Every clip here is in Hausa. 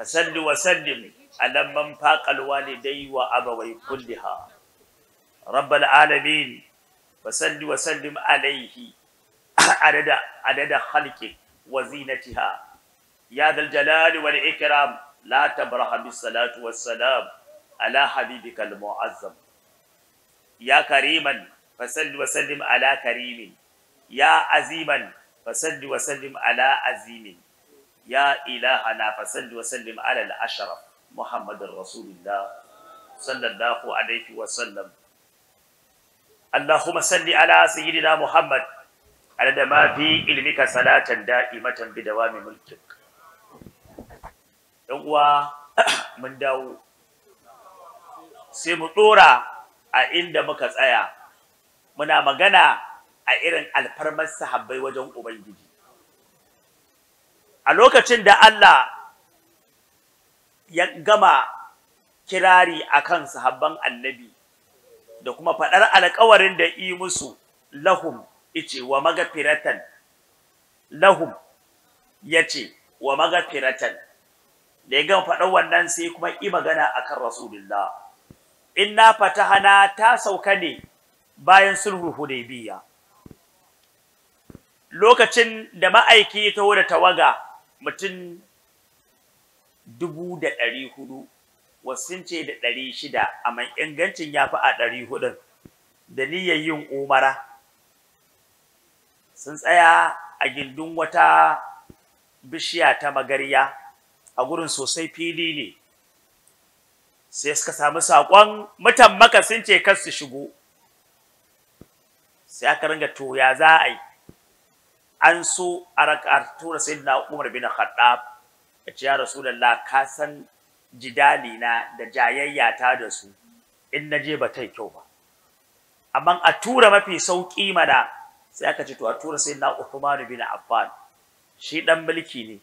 فسل وسلم على من فاق الوالدي وأبوي كلها رب العالمين فسل وسلم عليه عدد عدد خلقه وزينتها يا ذا الجلال والإكرام لا تبرح بالصلاة والسلام على حبيبك المعظم يا كريما فسل وسلم على كريم يا عزيما فسل وسلم على عزيم يا إلهنا فصل وسلم على الأشرف محمد رسول الله صلى الله عليه وسلم اللهم صل على سيدنا محمد عدد ما في علمك صلاة دائمة بدوام ملكك يقوى من داو سيمطورة عند مكس آية muna magana a irin alfarmar sahabbai wajen Ubangiji. a lokacin da Allah ya gama kirari a kan sahabban annabi da kuma faɗar alƙawarin da yi musu lahum ice wa magafiratan lahum yace wa magafiratan da ya gama faɗar wannan sai kuma yi magana a akan rasulullah inna fatahana ta sauka ne bayan sulhu hudaybiya lokacin da ma'aiki ya taho da tawaga mutum dubu da ɗari hudu wasu ce da ɗari shida amma ingancin ya fi a ɗari hudun da niyyar yin umara sun tsaya a gindin wata bishiya ta magarya a gurin sosai fili ne sai suka samu saƙon mutan maka sun ce kar su shigo sai aka ringa to ya za a yi an so a raka tura sayyidina Umar bin Khattab ya ce da Rasulullah ka san jidali na da jayayya ta da su in na je ba ta kyau ba amma a tura mafi sauki mana sai aka ce to a tura sayyidina Uthman bin Affan shi dan mulki ne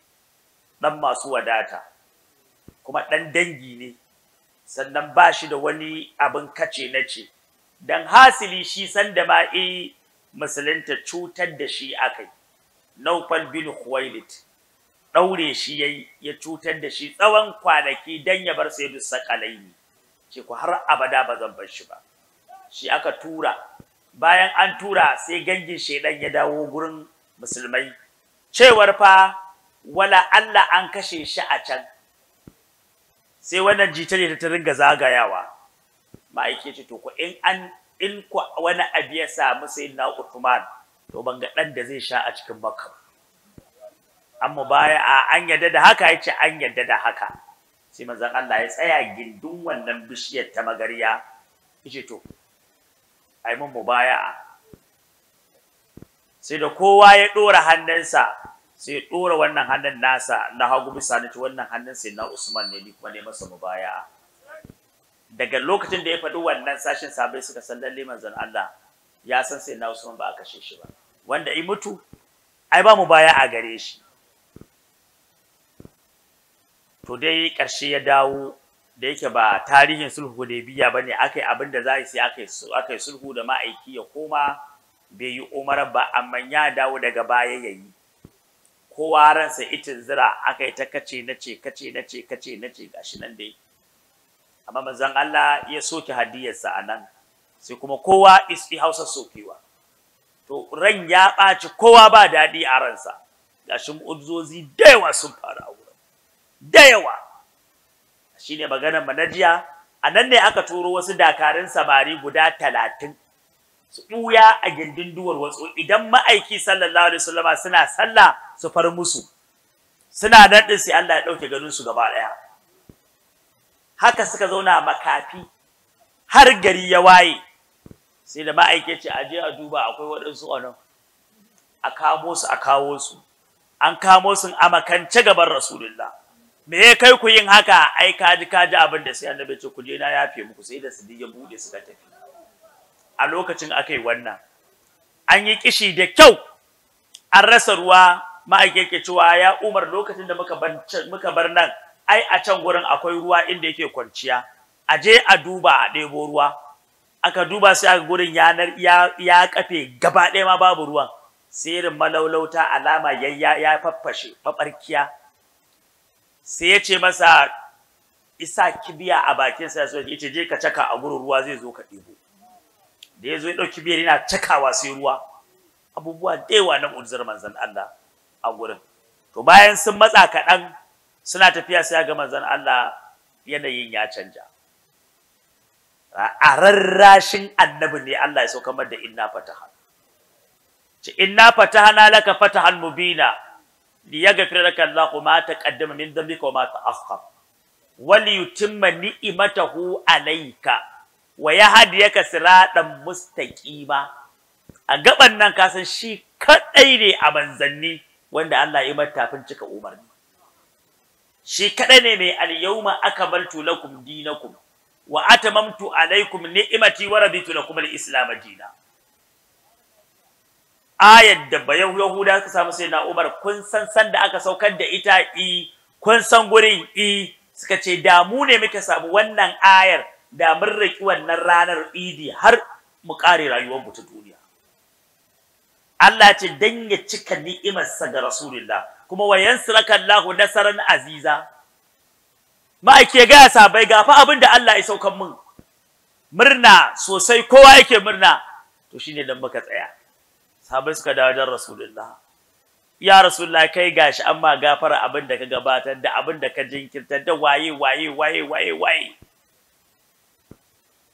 dan masu wadata kuma dan dangi ne sannan ba shi da wani abin kace na ce dan hasili shi sanda ma eh musulunta cutar da shi akai naufal bin khuwailid daure shi yayi ya cutar da shi tsawon kwanaki dan ya bar sai sayyidu kalaini ce ku har abada ba zan bar shi ba shi aka tura bayan an tura sai gangin shedan ya dawo gurin musulmai cewar fa wala Allah an kashe shi a can sai wannan jita ne ta ringa zagayawa ma'aike ce to ku in an in ku wani abu ya samu sai na Uthman to ban ga ɗan da zai sha a cikin makka amma baya a an yadda da haka ya an yadda da haka sai manzon Allah ya tsaya gindin wannan bishiyar ta magariya yace to ai mun baya. sai da kowa ya dora hannunsa sai ya dora wannan hannun nasa na hagu bisa ne wannan hannun sai na Usman ne ni kuma ne masa mubaya'a daga lokacin da ya faɗi wannan sashin sabai suka san lalle manzon Allah ya san sai na Usman ba a kashe shi ba wanda i mutu ai ba mu baya a gare shi to dai ƙarshe ya dawo da yake ba tarihin sulhu Hudaybiya bane akai aka yi abin da za a yi sai akai akai sulhu da ma'aiki ya koma bai yi umar ba amma ya dawo daga baya yayi yi kowa ransa itin zira akai ta kace na ce kace na ce kace na ce gashi nan dai amma manzon Allah ya soke hadiyarsa a nan sai kuma kowa isi hausa sokewa to ran ya ɓaci kowa ba daɗi a ransa gashi mu'ujizozi da yawa sun faru a wurin da yawa shine maganar manajiya a nan ne aka turo wasu dakarun samari guda talatin su ɓuya a gindin duwar wasu idan ma'aiki sallallahu alaihi wasallama suna sallah su far musu suna nan sai Allah ya ɗauke ganin su gaba ɗaya haka suka zauna makafi har gari ya waye sai da ma'aikaci a je a duba akwai waɗansu anan a kamo su a kawo su an kamo su a makance gaban rasulullah me ya kai ku yin haka ai ka ji abin da sai annabi ce ku je na yafe muku sai da su ya bude suka tafi a lokacin akai wannan an yi kishi da kyau an rasa ruwa ma'aikake cewa ya umar lokacin da muka bar nan ai a can gurin akwai ruwa inda yake kwanciya a je a duba a ɗebo ruwa aka duba sai aka gurin yanar ya kafe gaba ɗaya ma babu ruwan sai irin malaulauta alama ya ya faffashe faɓarkiya sai ya ce masa isa kibiya a bakin sa so ce je ka caka a gurin ruwa zai zo ka ɗebo da ya zo ya ɗauki biyar yana cakawa sai ruwa abubuwa da yawa na mu'jizar manzan Allah a gurin to bayan sun matsa kaɗan suna tafiya sai ga manzan Allah yanayin ya canja a rarrashin annabi ne Allah ya kamar da inna fataha ce inna fatahana laka fatahan mubina liyaghfir laka Allahu ma taqaddama min dhanbika wa ma ta'akhkhar wa liyutimma ni'matahu alayka wa yahdiyaka siratan mustaqima a gaban nan ka san shi kadai ne a manzanni wanda Allah ya tafin cika umarni shi kadai ne mai al-yawma akmaltu lakum dinakum wa atamamtu alaikum ni'imati wa raditu lakum al-islam dinan ayat da bayan yahuda suka samu sai na umar kun san san da aka saukar da ita i kun san gurin i suka ce da mu ne muke samu wannan ayar da mun riki wannan ranar idi har mu kare rayuwar mu ta duniya Allah ce dan ya cika ni'imar sa ga rasulullah kuma wa yansuraka Allahu nasaran aziza Ma ake gaya sabai ga fa abin da Allah ya saukan mun murna sosai kowa yake murna to shine dan baka tsaya sabai suka dawo dan rasulullah ya rasulullah kai gashi amma gafara abin da ka gabatar da abin da ka jinkirtar da waye waye waye waye waye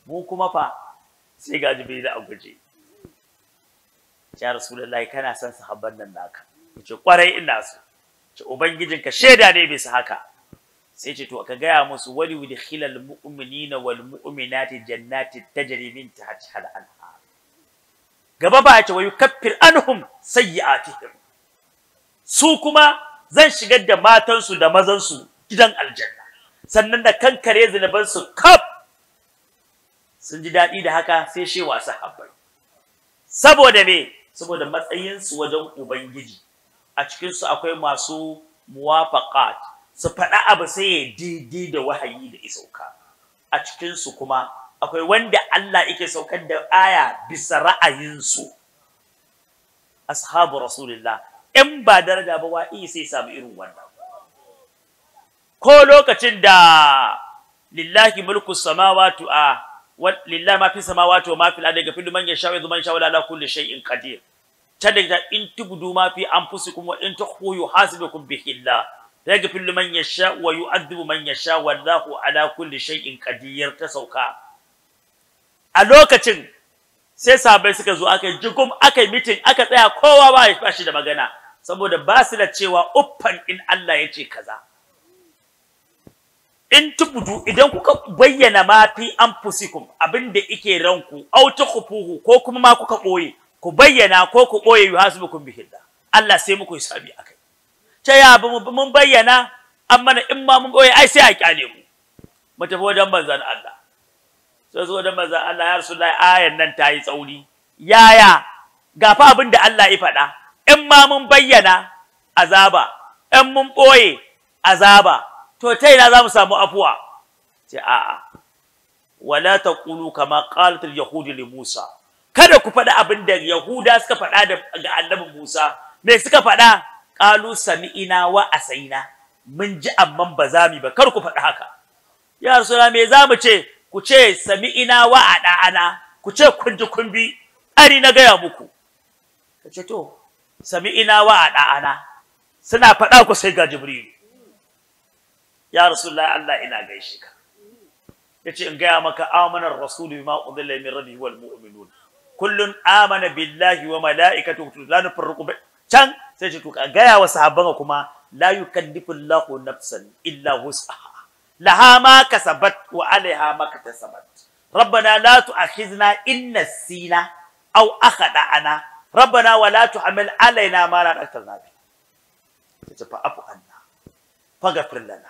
mu kuma fa sai ga jibril a guje ya rasulullah kana son sahabban nan naka ce kwarai ina so ce ubangijinka sheda ne bisa haka sai ce to ka gaya musu wali yudkhilal mu'minina wal mu'minati jannati tajri min tahtiha al anhar gaba ba ce wayu kaffir anhum sayiatihim su kuma zan shigar da matansu da mazansu gidan aljanna sannan da kankare zinuban su kaf sun ji daɗi da haka sai shi wasu habbai saboda me saboda matsayinsu wajen ubangiji a cikinsu akwai masu muwafaqat su faɗa abu sai ya daidai da wahayi da isauka a cikinsu kuma akwai wanda Allah yake saukar da aya bisa ra'ayinsu ashabu rasulullah in ba daraja ba wa'i sai samu irin wannan ko lokacin da lillahi mulku samawati a lillahi ma fi samawati wa ma fil ardi gafilu man yasha wa man sha wa kulli shay'in qadir tadda in tubdu ma fi anfusikum wa in tukhfu yuhasibukum bihi Allah Daga man ya yasha wa yu'adhibu man yasha wallahu ala kulli shay'in qadir ta sauka a lokacin sai sabai suka zo aka jigum aka mitin, aka tsaya kowa ba ya fashi da magana saboda ba su da cewa uffan in Allah ya ce kaza in tubudu idan kuka bayyana ma fi anfusikum abinda yake ranku aw tukhfuhu ko kuma ma kuka boye ku bayyana ko ku boye yuhasbukum bihillah Allah sai muku hisabi aka ta ya ba mun bayyana an mana in ma mun boye ai sai a kyale mu mu tafi wajen manzon Allah sai zo wajen manzon Allah ya Allah ayan nan ta yi tsauri yaya ga fa abin da Allah ya faɗa in ma mun bayyana azaba in mun boye azaba to ta ina za mu samu afuwa ce a'a wala taqulu kama qalat al-yahud li Musa kada ku faɗa abin da Yahuda suka faɗa ga annabi Musa me suka faɗa qalu sami'ina wa asaina mun ji amman ba za mu ba kar ku faɗi haka ya rasulullah me za mu ce ku ce sami'ina wa ada'ana ku ce kun ji kun bi ari na gaya muku kace to sami'ina wa ada'ana suna faɗa ku sai ga jibril ya rasulullah Allah ina gaishe ka yace in gaya maka amanar rasul bima unzila min rabbi wal mu'minun kullun amana billahi wa malaikatihi la nufarriqu can sai ce to gaya wa sahabban kuma la yukallifu Allahu nafsan illa wus'aha laha ma kasabat wa alaiha ma kasabat rabbana la tu'akhizna in nasina aw akhda'ana rabbana wa la tu'amil alaina ma la taqtalna bi ta fa afu anna faghfir lana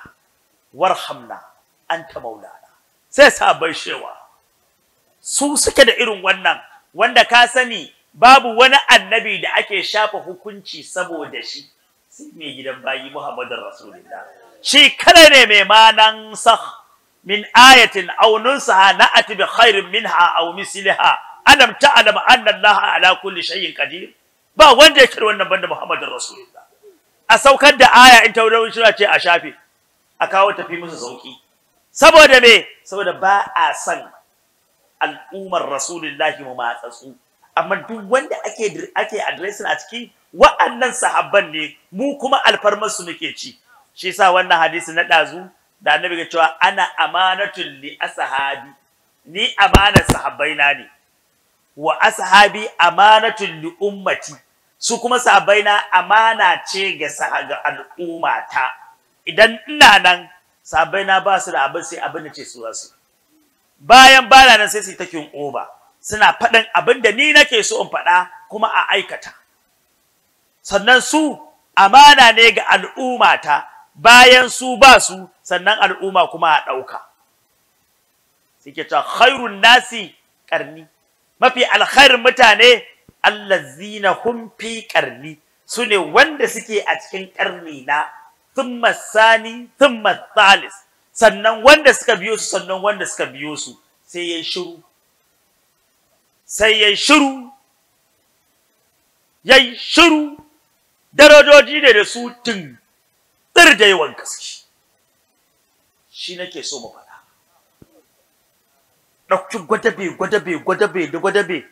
warhamna anta maulana sai sahabbai shewa su suke da irin wannan wanda ka sani babu wani annabi da ake shafa hukunci saboda shi sai mai gidan bayi Muhammadun Rasulullah shi kada ne mai manan sah min ayatin aw nunsaha na'ati bi khairin minha aw misliha alam ta'lam anna Allah ala kulli shay'in qadir ba wanda ya kira wannan banda Muhammadun Rasulullah a saukar da aya in tauraron shi ce a shafe a kawo tafi musu sauki saboda me saboda ba a san al'ummar Rasulullahi mu matsatsu amma duk wanda ake ake addressing a ciki wa'annan sahabban ne mu kuma alfarmar su muke ci shi yasa wannan hadisi na dazu da annabi ga cewa ana amanatul li ashabi ni amanar sahabbaina ne wa ashabi amanatul li ummati su kuma sahabbaina amana ce ga sahaga al'ummata idan ina nan sahabbaina ba su da abin sai abin da ce su bayan na nan sai su yi takin oba suna faɗin abin da ni nake so in faɗa kuma a aikata sannan su amana ne ga al'umma ta bayan su ba su sannan al'umma kuma a ɗauka suke ta khairun nasi ƙarni mafi alkhairin mutane allazina hum fi ƙarni su ne wanda suke a cikin ƙarni na thumma sani thumma thalis sannan wanda suka biyo su sannan wanda suka biyo su sai yayi shiru sai yayi shiru yayi shiru darajoji ne da su tun tsir da yawan gaske shi nake so mu faɗa ɗauki gwadabe gwadabe gwadabe da gwadabe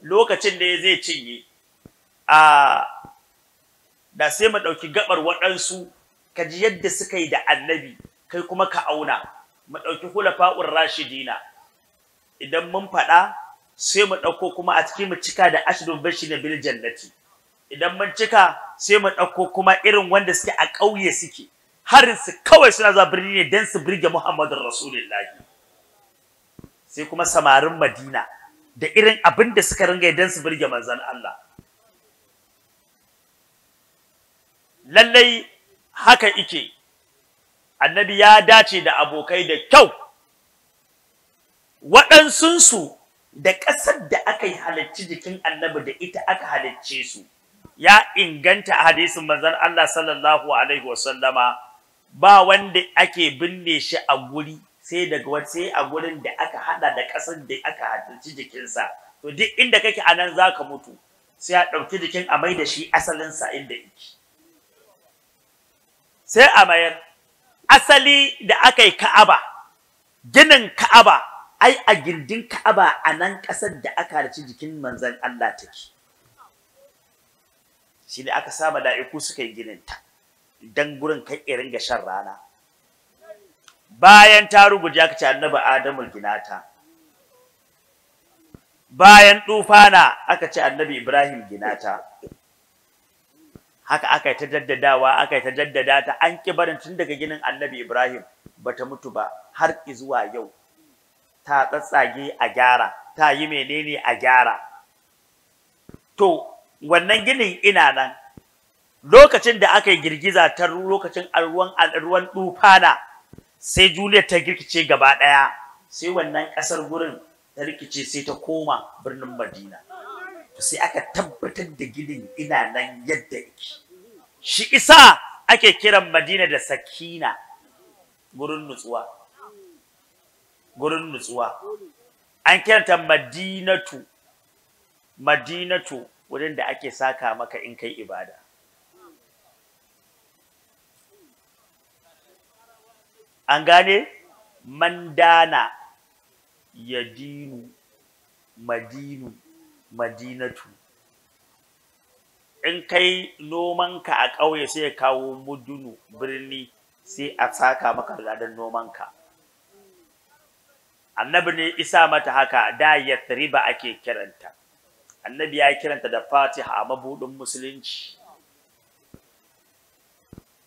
lokacin da ya zai cinye a da sai mu ɗauki gaɓar waɗansu kaji yadda suka yi da annabi kai kuma ka auna mu ɗauki hulafa'ur rashidina idan mun faɗa sai mu ɗauko kuma a cikin mu cika da ashirin bashi na bil jannati idan mun cika sai mu ɗauko kuma irin wanda suke a ƙauye suke harin su kawai suna zuwa birni ne don su birge Muhammadu Rasulullahi sai kuma samarin Madina da irin abin da suka ringa don su birge manzon Allah lallai haka ike annabi ya dace da abokai da kyau waɗansunsu da ƙasar da aka yi halarci jikin annabi da ita aka halarce su ya inganta a hadisin manzon Allah sallallahu alaihi wasallama ba wanda ake binne shi a guri sai daga wani sai a gurin da aka hada da ƙasar da aka halarci jikinsa to duk inda kake a nan za ka mutu sai a ɗauki jikin a mai da shi asalinsa inda yake sai a mayar asali da aka yi ka'aba ginin ka'aba ai a gindin Ka'aba a nan ƙasar da aka harci jikin manzon Allah take shi ne aka sa mala'iku suka yi ginin ta don gurin kai irin ga shan rana bayan ta rubuta aka ce annabi Adamu ginata bayan tufana aka ci annabi Ibrahim ginata haka aka yi ta jaddadawa aka yi ta jaddada ta an ƙi barin tun daga ginin annabi Ibrahim bata mutu ba har zuwa yau ta tsatsage a gyara ta yi menene a gyara to wannan ginin ina nan lokacin da aka yi girgiza ta lokacin ruwan ruwan dufana sai Juliet ta girkice gaba ɗaya, sai wannan ƙasar gurin ta rikice sai ta koma birnin Madina sai aka tabbatar da ginin ina nan yadda yake shi isa ake kiran Madina da Sakina gurin nutsuwa gurin nutsuwa an kiranta madinatu madinatu wurin da ake saka maka in kai ibada an gane mandana ya dinu madinu madinatu in kai nomanka a ƙauye sai ya kawo mudunu birni sai a saka maka gadon nomanka annabi ne isa mata haka da yathriba ake kiranta annabi ya kiranta da fatiha a mabudin musulunci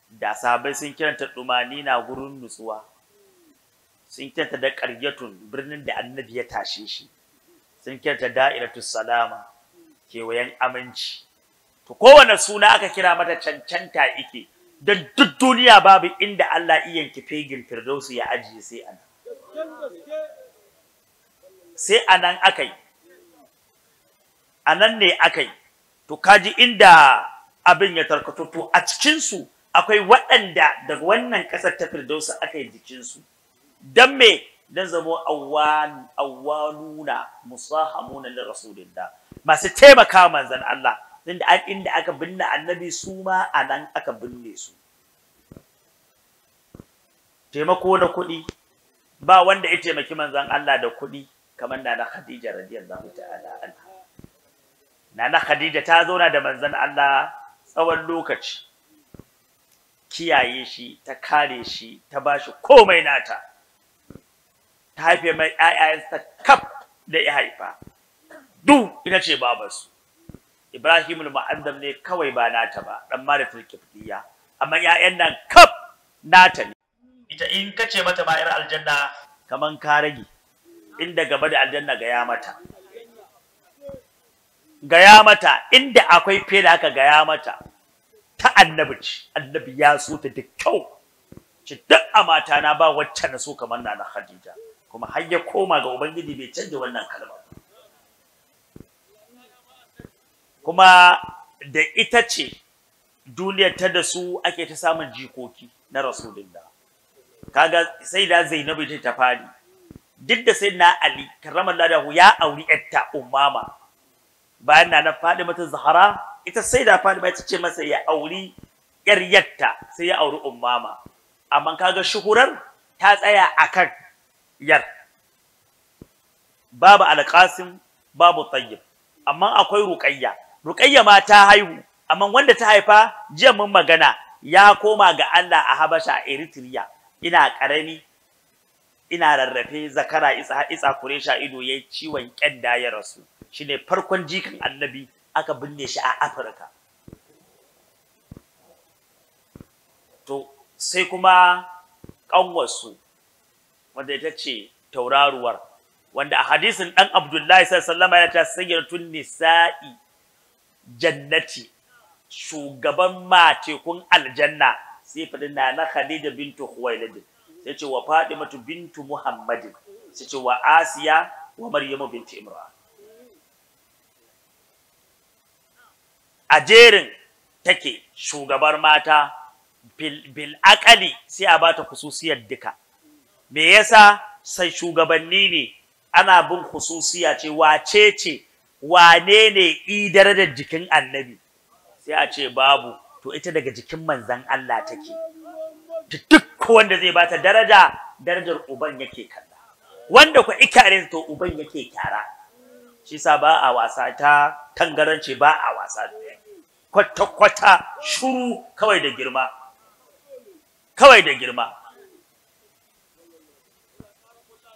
da sabai sun kiranta dumani na gurin nutsuwa sun kiranta da karyatun birnin da annabi ya tashe shi sun kiranta da'iratus salama kewayen aminci to kowane suna aka kira mata cancanta ike don duk duniya babu inda Allah yanki fegin firdausu ya ajiye sai ana sai yi a nan ne yi, to kaji inda abin ya tarkato to a cikinsu akwai waɗanda daga wannan ƙasar ta firdausa aka yi jikinsu, don me dan zamo awwan awwaluna musahamuna rasulun da masu taimaka manzan Allah inda inda aka binne annabi su ma nan aka binne su taimako na kuɗi ba wanda ya taimaki manzan Allah da kuɗi kamar nana Khadija radiyallahu ta'ala anha nana Khadija ta zauna da manzon Allah tsawon lokaci kiyaye shi ta kare shi ta bashi komai nata ta haife mai ƴaƴayensa kaf da ya haifa duk ita ce babansu Ibrahim al-Mu'azzam ne kawai ba nata ba dan Marifil Kifliya amma ƴaƴan nan kaf nata ne ita in kace mata bayar aljanna kaman ka rage inda gaba da aljanna gaya mata gaya mata inda akwai fela aka haka gaya mata ta annabi ce annabi ya so ta da kyau ci duk a mata na ba wacce na so kamar na na Khadija kuma har ya koma ga ubangiji bai canja wannan kalma kuma da ita ce duniyar ta da su ake ta samun jikoki na rasulullah kaga sai da zainabu ta ta fadi duk da sai na Ali karramar dahu ya auri yarta umama bayan na Fadima mata Zahara ita sai da Fadima ta ce masa ya auri yar yarta sai ya auri umama amma kaga shuhurar ta tsaya akan yar babu alqasim babu tayyib amma akwai ruqayya ruqayya ma ta haihu amma wanda ta haifa jiya mun magana ya koma ga Allah a Habasha Eritrea ina karami ina rarrafe zakara isa isa kuresha ido yayi ciwon kyanda ya rasu shine farkon jikin annabi aka binne shi a Afirka to sai kuma kanwarsu wanda ita ce tauraruwar wanda a hadisin dan Abdullahi sallallahu alaihi wasallam ya ta sayyidatun nisa'i jannati shugaban matekun aljanna sai fadin na Khadija bintu Khuwailid ya ce wa Fadimatu bintu Muhammadin Su ce wa Asiya wa Maryamu bintu Imran a jerin take shugabar mata bil akali sai a bata kususiyar duka me yasa sai shugabanni ne ana bin kususiya ce wace ce wane ne idar da jikin annabi sai a ce babu to ita daga jikin manzan Allah take duk wanda zai bata daraja darajar uban yake kalla wanda ku ikare to uban yake kyara shi sa ba a wasa ta tangarance ba a wasa kwata-kwata shuru kawai da girma kawai da girma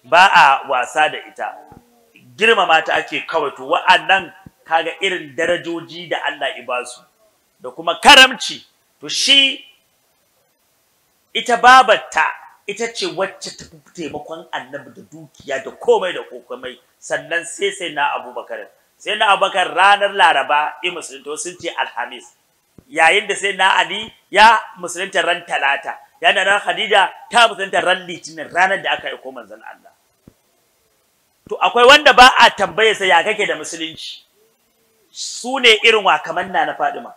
ba a wasa da ita Girmamata mata ake kawai to wa'annan kaga irin darajoji da Allah ya basu da kuma karamci to shi ita babarta ita ce wacce ta taimakon annabi da dukiya da komai da komai sannan sai sai na abubakar sai na abubakar ranar laraba in musulunta sun ce alhamis yayin da sai na ali ya musulunta ran talata yana ran khadija ta musulunta ran litinin ranar da aka yi aiko zan Allah to akwai wanda ba a tambaye sa ya kake da musulunci su ne irin wa kamar na na Fadima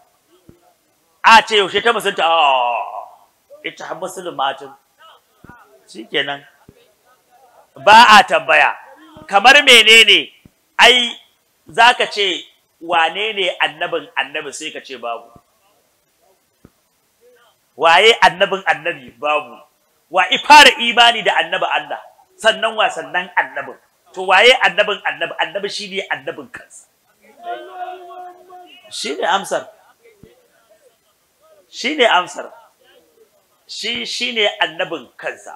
a ce yaushe ta musulunta a ita har shi kenan ba a tambaya kamar menene ai zaka ce wane ne annabin annabi sai ka ce babu waye annabin annabi babu wa ifara imani da annabi Allah sannan wa sannan annabin to waye annabin annabi annabi shine annabin kansa shine amsar shine amsar shi shi ne annabin kansa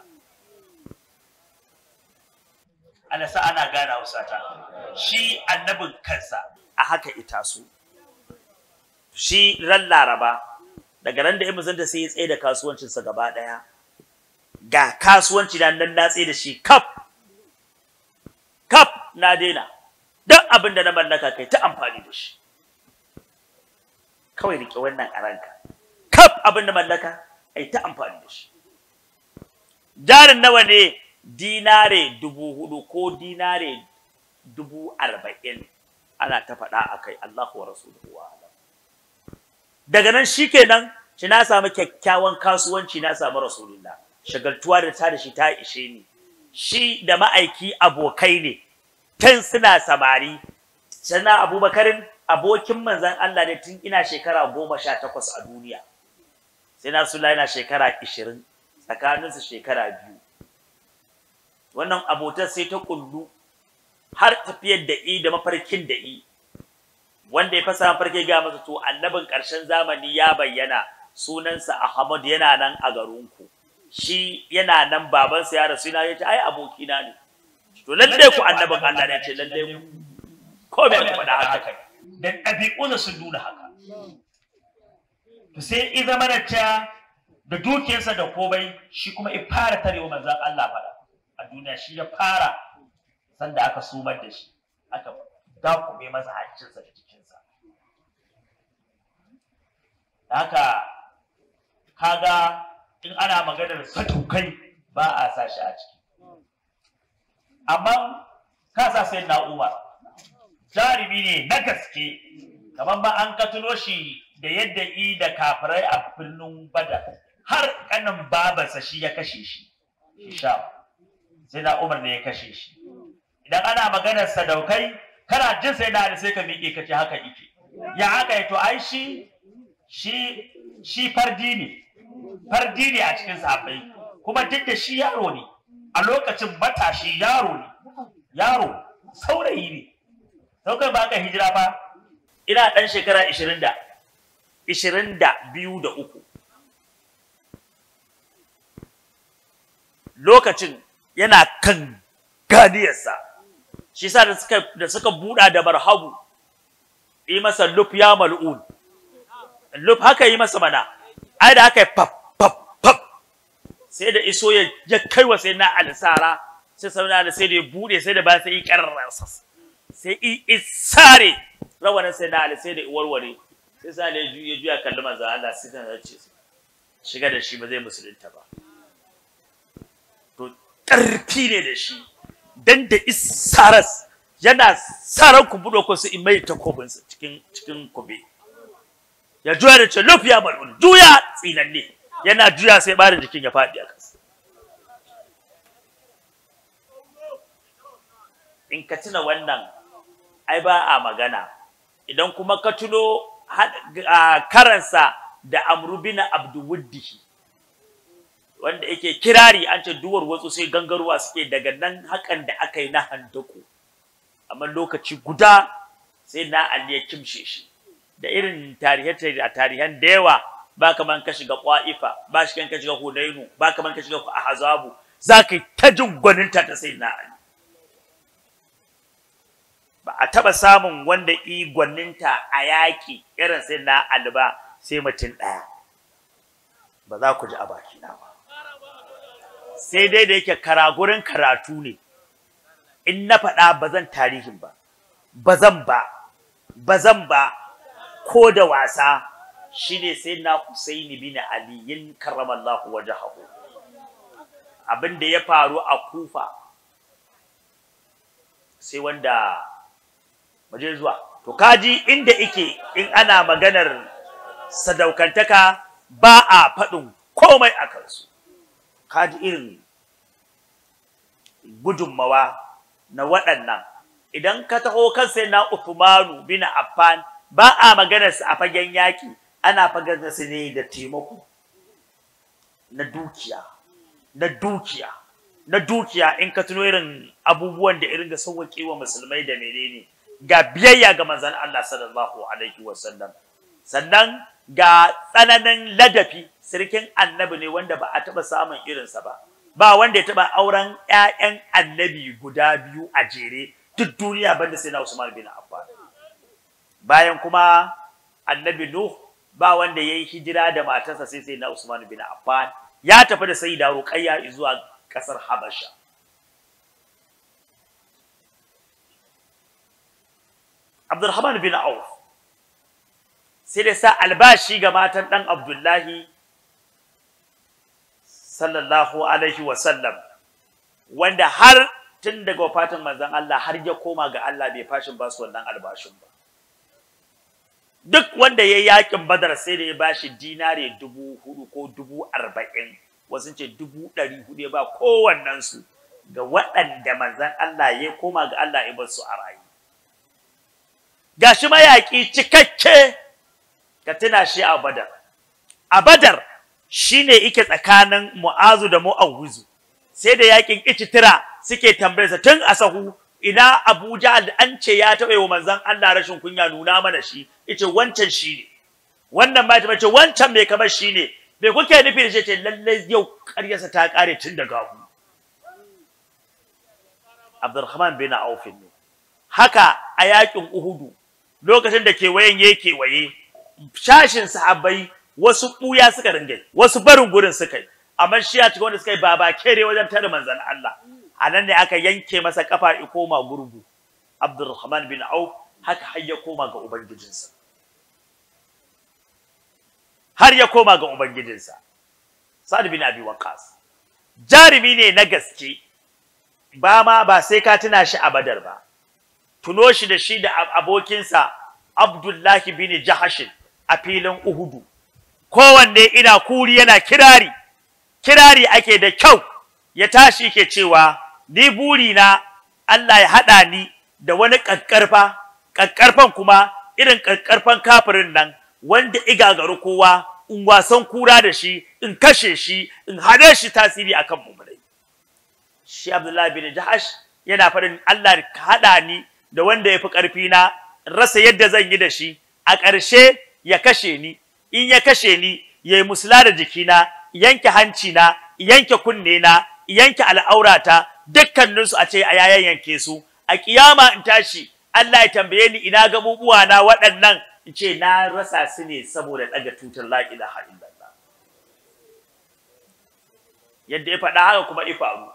ana sa ana gane Hausa ta shi annabin kansa a haka ita su shi ran Laraba daga nan da ya muzanta sai ya tsaye da kasuwancinsa gaba ɗaya. ga kasuwanci da nan na tsaye da shi kaf kaf na daina don abin da na mallaka kai ta amfani da shi kawai rike wannan a ranka kaf abin da mallaka a yi ta amfani da shi jarin nawa ne dinare dubu hudu ko dinare dubu arba'in ana ta faɗa a kai Allahu wa rasuluhu wa daga nan shi kenan shi na samu kyakkyawan kasuwanci na samu rasulullah shagaltuwa da ta da shi ta ishe ni shi da ma'aiki abokai ne tun suna samari sannan abubakarin abokin manzan Allah ne tun ina shekara goma sha takwas a duniya sai na yana shekara 20 tsakaninsu shekara biyu wannan abotar sai ta kullu har tafiyar da i da mafarkin da i wanda ya fasa mafarki ga masa to annabin ƙarshen zamani ya bayyana sunansa Ahmad yana nan a garinku shi yana nan babansa ya rasu yana yace ai abokina ne to lalle ku annabin Allah ne ce lalle ku ko me ku faɗa haka dan ɗabi'una sun nuna haka to sai in zama da ta da dukiyarsa da komai shi kuma i fara tarewa manzan Allah fada a duniya shi ya fara sanda aka sumar da shi aka dakume masa hancinsa da jikinsa haka kaga in ana maganar satukai ba a sa shi a ciki amma ka sa sai na jarumi ne na gaske kamar ba an katulo shi da yadda i da kafirai a birnin bada har kanin babarsa shi ya kashe shi sha sai na umar ne ya kashe shi idan ana maganar sadaukai kana jin sai na sai ka miƙe kace haka ike ya haka ya to ai shi shi shi fardi ne fardi ne a cikin sahabbai kuma duk da shi yaro ne a lokacin matashi yaro ne yaro saurayi ne saukar ba ka hijira ba ina ɗan shekara ishirin da ishirin da biyu da uku lokacin yana kan gadiyarsa shi sa da suka buɗa da barhabu yi masa luf ya mal'un luf haka yi masa mana ai da haka pap pap sai da iso ya kai wa sai na alisara, sai sauna da sai da ya buɗe sai da ba sai yi karrasa sai yi isare rawanin sai na alisai da warware sai sale ya juya kalli manzo Allah sai da ce shiga da shi ba zai musulunta ba to ƙarfi ne da shi dan da isaras yana sarar ku buɗe ko su imai takobin sa cikin cikin kube ya juya da ce lufiya mal'un juya tsinanne yana juya sai bare jikin ya faɗi a in ka tuna wannan ai ba a magana idan kuma ka tuno karansa da Amru bin Abduwuddihi wanda yake kirari an ce duwar wasu sai gangaruwa suke daga nan hakan da aka yi na handuku. amma lokaci guda sai na Ali ya kimshe shi da irin tarihe a tarihan da yawa ba ka man ka shiga Kwaifa, ba shi kan ka shiga Hudainu ba ka man ka shiga Ahzabu zaka ta jin gwaninta ta sai na Ali ba a taba samun wanda igonninta a yaki irin sai na alba sai mutum ɗaya. ba za ku ji a baki na ba sai dai da yake karagurin karatu ne in na faɗa ba zan tarihin ba ba zan ba ba zan ba ko da wasa shine sai na Husaini bin Ali yin karramallahu waje abin da ya faru a Kufa sai wanda waje zuwa to kaji inda ike in ana maganar sadaukantaka ba a faɗin komai a kansu kaji irin gudunmawa na waɗannan idan ka taho kan sai na Uthmanu bin Affan ba a maganar su a fagen yaki ana fagen su ne da taimako na dukiya na dukiya na dukiya in ka tuno irin abubuwan da irin ga sauwaƙe wa musulmai da menene ga biyayya ga manzan Allah sallallahu alaihi wasallam sannan ga tsananin ladafi sirkin annabi ne wanda ba a taba samun irinsa ba ba wanda ya taba auren ƴaƴan annabi guda biyu a jere duk duniya banda sai na Usman bin Affan bayan kuma annabi Nuh ba wanda yayi hijira da matarsa sai sai na Usman bin Affan ya tafi da Sayyida Ruqayya zuwa ƙasar Habasha Abdurrahman bin Auf sai da sa albashi ga matan dan Abdullahi sallallahu alaihi wa sallam wanda har tun daga fatan manzon Allah har ya koma ga Allah bai fashin ba su wannan albashin ba duk wanda ya yakin badar sai da ya bashi dinare dubu hudu ko dubu arba'in wasu ce dubu ɗari hudu ya ba kowannensu ga waɗanda manzon Allah ya koma ga Allah ya bar su a rayu gashi mayaƙi cikakke ka tuna shi a badar a badar shi ne ike tsakanin mu'azu da mu'awuzu sai da yakin icitira suke tambayarsa tun a sahu ina Abu an ce ya taɓa wa manzon Allah rashin kunya nuna mana shi ice wancan shi ne wannan ma ta mace wancan mai kamar shi ne bai kuke nufi da ce lalle yau ƙaryarsa ta ƙare tun da gahu? Abdulrahman bin Aufin ne haka a yakin Uhudu lokacin da kewayen ya kewaye shashin sahabbai wasu ɓuya suka ringai wasu barin gurin suka yi amma shi a cikin wanda suka yi baba kere wajen tare manzan Allah a nan ne aka yanke masa kafa ya koma gurgu Abdulrahman bin Auf haka har ya koma ga ubangijinsa har ya koma ga ubangijinsa Sa'ad bin Abi Waqqas jarumi ne na gaske ba ma ba sai ka tuna shi a Badar ba tuno shi da shi da abokinsa Abdullahi bin Jahashin a filin Uhudu kowanne ina kuri yana kirari kirari ake da kyau ya tashi ke cewa ni buri na Allah ya haɗa ni da wani ƙaƙƙarfa ƙaƙƙarfan kuma irin ƙaƙƙarfan kafirin nan wanda igagaru kowa in wasan kura da shi in kashe shi in hade shi tasiri akan mu'minai shi Abdullahi bin Jahash yana faɗin Allah ka haɗa ni da wanda ya fi ƙarfi na rasa yadda zan yi da shi a ƙarshe ya kashe ni in ya kashe ni ya yi musula da jikina yanke hanci na yanke kunne na yanke al'aurata dukkaninsu a ce a yayan yanke su a ƙiyama in tashi Allah ya tambaye ni ina bubuwa na waɗannan in ce na rasa su ne saboda ɗaga tutar la ilaha yadda ya faɗa haka kuma ifaru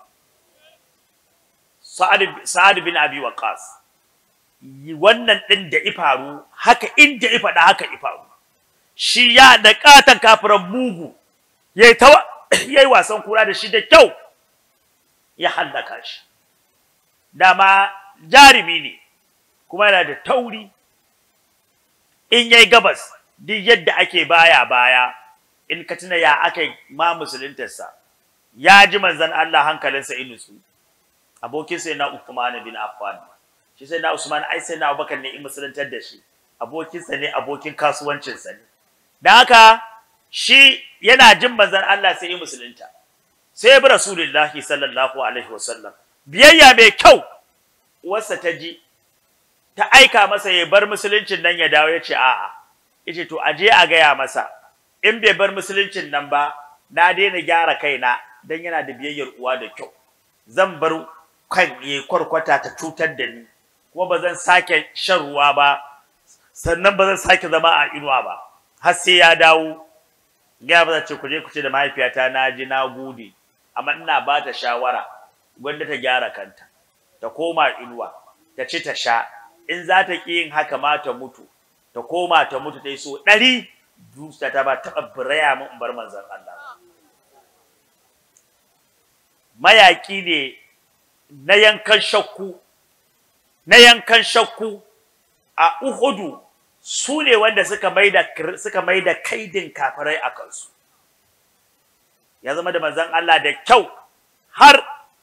sa'ad bin abi waqas wannan ɗin da ifaru haka inda ifaɗa haka ifaru shi ya da ƙatan kafiran mugu ya yi wasan kura da shi da kyau ya hallaka shi dama jarumi ne kuma yana da tauri in yayi gabas duk yadda ake baya baya in ka tuna ya aka ma musuluntarsa ya ji manzan Allah hankalinsa inusu abokinsa yana Uthman bin Affan shi sai na Usman ai sai na Abubakar ne in musuluntar da shi abokinsa ne abokin kasuwancinsa ne dan haka shi yana jin manzon Allah sai ya musulunta sai bi rasulullahi sallallahu alaihi wasallam biyayya mai kyau wasa ta ji ta aika masa ya bar musuluncin nan ya dawo ya ce a'a yace to aje a gaya masa in bai bar musuluncin nan ba na daina gyara kaina dan yana da biyayyar uwa da kyau zan bar kan ya kwarkwata ta cutar da ni kuma ba zan sake shan ruwa ba sannan ba zan sake zama a inuwa ba har sai ya dawo ga ba ce ku je ku ce da mahaifiyata na ji na gode amma ina ba ta shawara gwanda ta gyara kanta ta koma inuwa ta ci ta sha in za ta ƙi yin haka ma ta mutu ta koma ta mutu ta yi so ɗari dusta ta ba taɓa biraya min in bar manzan Allah mayaƙi ne na yankan shakku na yankan shakku a Uhudu su ne wanda suka maida suka maida kaidin kafirai a kansu ya zama da manzon Allah da kyau har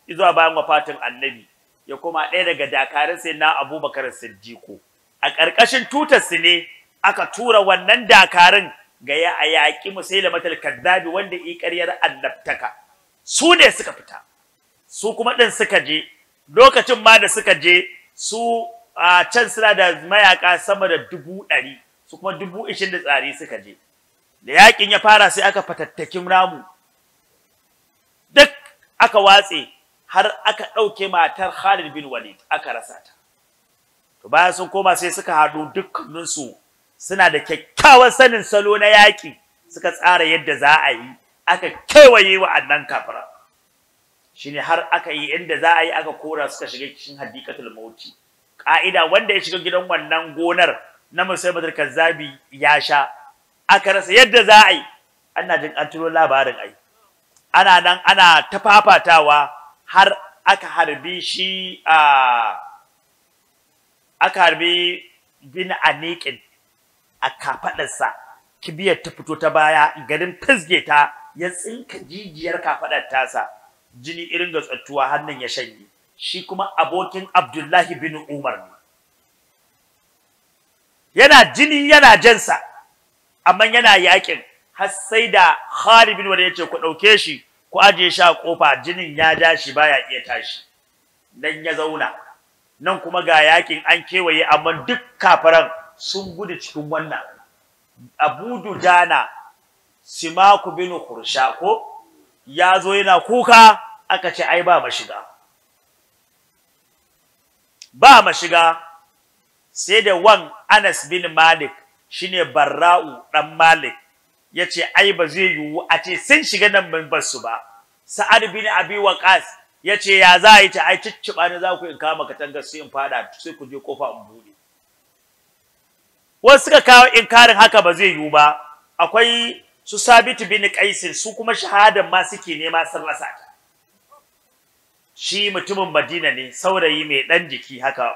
zuwa bayan wafatin annabi ya kuma ɗaya daga dakarun sai na Abubakar Siddiqu a ƙarƙashin tutar su ne aka tura wannan dakarun ga ya a yaƙi Musailamatul Kaddabi wanda yi ƙaryar annabtaka su ne suka fita su kuma ɗin suka je lokacin ma da suka je su a can suna da mayaka sama da dubu ɗari su kuma dubu ishirin da tsari suka je da yakin ya fara sai aka fatattakin ramu duk aka watse har aka ɗauke matar Khalid bin Walid aka rasa ta to bayan sun koma sai suka haɗu dukkaninsu suna da kyakkyawan sanin salo na yaƙi suka tsara yadda za a yi aka kewaye annan kafira shine har aka yi inda za a yi aka kora suka shiga cikin hadikatul mauti ka'ida wanda ya shiga gidan wannan gonar na musaibatul kazzabi ya sha aka rasa yadda za a yi ana jin an turo labarin ai ana nan ana tafafatawa har aka harbi shi a aka harbi bin aniqin a kafadarsa kibiyar ta fito ta baya garin fisge ya tsinka jijiyar kafadar tasa jini irin da tsattuwa hannun ya shanye shi kuma abokin Abdullahi bin Umar ne yana jini yana jansa amma yana yakin har sai da Khalid bin ya yace ku ɗauke shi ku aje shi a kofa jinin ya ja shi baya iya tashi Nan ya zauna nan kuma ga yakin an kewaye amma duk kafaran sun gudu cikin wannan Abu Dujana Simaku bin Khursha ko ya zo yana kuka aka ce ai ba shiga. ba mashiga sai da wan Anas bin Malik shine Barra'u dan Malik yace ai ba zai yiwu a ce sun shiga nan ban basu ba Sa'ad bin Abi Waqas yace ya za a yi ta ai cicciba ne za ku in kama katangar sai in fada sai ku je kofa in bude wasu suka kawo inkarin haka ba zai yiwu ba akwai su sabitu bin qaisin su kuma shahadan ma suke nema sun rasa ta shi mutumin madina ne saurayi mai dan jiki haka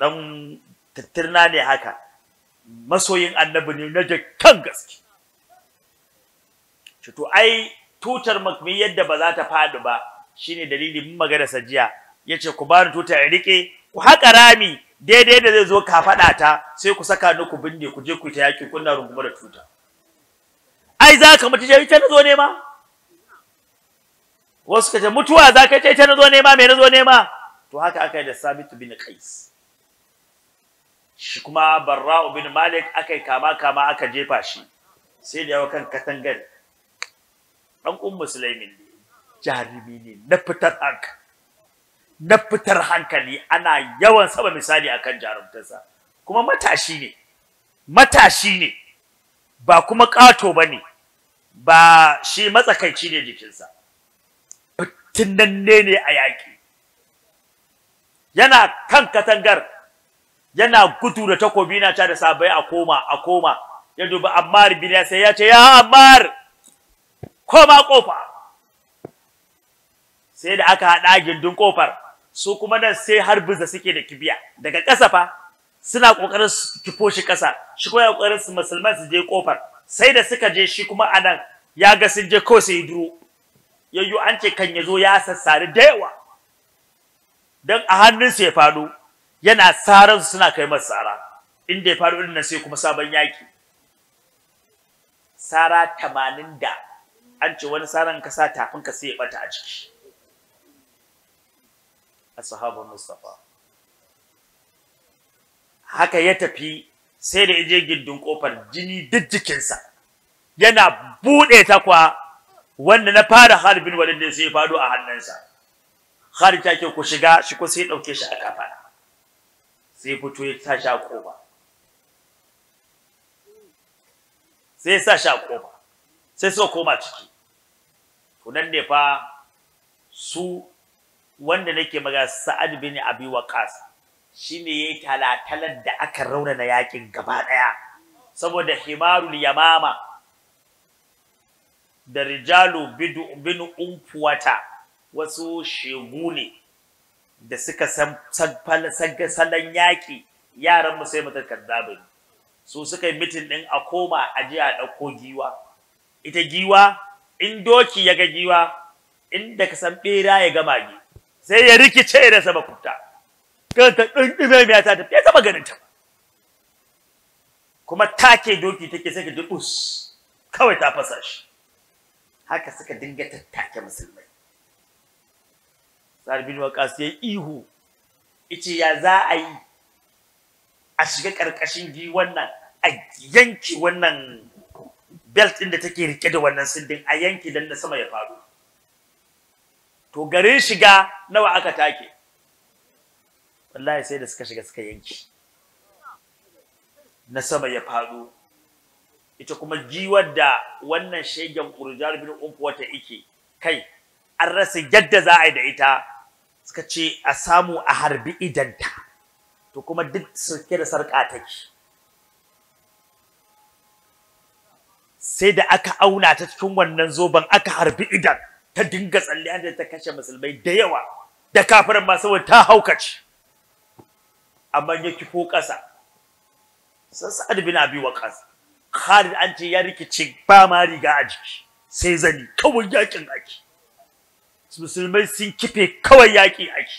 dan tattirna ne haka masoyin annabi ne na kan gaske to ai tutar makmi yadda ba za ta faɗi ba shine dalili mun magana sajiya yace ku bani tuta ya rike ku haƙa rami daidai da zai zo ka faɗa ta sai ku saka ni ku binde ku je ku ta yaki kuna rungumar da tuta ai za ka mutu ita na zo nema wasu ka ce mutuwa za ka ce ita na zo nema me na zo nema to haka aka yi da sabitu bin qais shi kuma barra'u bin malik aka yi kama kama aka jefa shi sai da yawa kan katangar dan musulmin ne jarumi ne na fitar hankali na fitar hankali ana yawan saba misali akan jarumtarsa kuma matashi ne matashi ne ba kuma kato ba ne ba shi matsakaici ne jikinsa fitinanne ne a yaƙi yana kan katangar yana gudu da takobi na ta da sabai a koma a koma ya dubi Ammar bin sai ya ce ya Ammar koma kofa sai da aka haɗa gindin kofar su kuma nan sai har biza suke da kibiya daga ƙasa fa suna ƙoƙarin su kifo shi ƙasa shi kuma ƙoƙarin su musulman su je ƙofar. sai da suka je shi kuma anan ya ga sun je kawai sai duro yayyo an ce kan ya zo ya sassare da yawa dan a hannunsa ya faɗo yana saran suna kai masa sara inda ya faɗo irin nan sai kuma sabon yaki sara tamanin da an ce wani saran ka sa tafin ka sai ya bata a ciki ashabu mustafa haka ya tafi sai da je gindin kofar jini duk yana buɗe ta kwa wanda na fara harbin wadanda sai ya fado a hannunsa Khalid take ku shiga shi ko sai dauke shi a kafa sai fito ya sa shi a kofa sai ya sa shi a kofa sai suka koma ciki to nan ne fa su wanda nake magana Sa'ad bin Abi waqas shine yayi talatalar da aka rauna na yakin gaba daya saboda himarul yamama da rijalu bidu bin umfuwata wasu shegu da suka san salon yaƙi yaran mu sai mutar kazzabin su suka yi mitin ɗin a koma a ji a ɗauko giwa ita giwa in doki ya ga giwa inda ka san bera ya ga mage sai ya rikice da sabakuta ta ɗinɗime mai ta tafi taɓa ganin ta kuma take doki take sai ka ji us kawai ta fasa shi haka suka dinga tattake musulmai Sa'ad bin Waqas ya ihu ice ya za a yi a shiga ƙarƙashin gi wannan a yanki wannan belt ɗin da take rike da wannan sindin a yanki dan na sama ya faru to garin shiga nawa aka take wallahi sai da suka shiga suka yanki na sama ya faɗo ita kuma giwar da wannan shegen urjar bin unkuwa ta ike kai an rasa yadda za a yi da ita suka ce a samu a harbi idanta to kuma duk suke da sarƙa take sai da aka auna ta cikin wannan zoben aka harbi idan ta dinga tsalle da ta kashe musulmai da yawa da kafirin ma saboda ta haukace amma ya kifo ƙasa san sa'ad bin abi waqas Khalid an ce ya rikice ba ma riga a jiki sai zani kawai yakin ake musulmai sun kife kawai yaki ake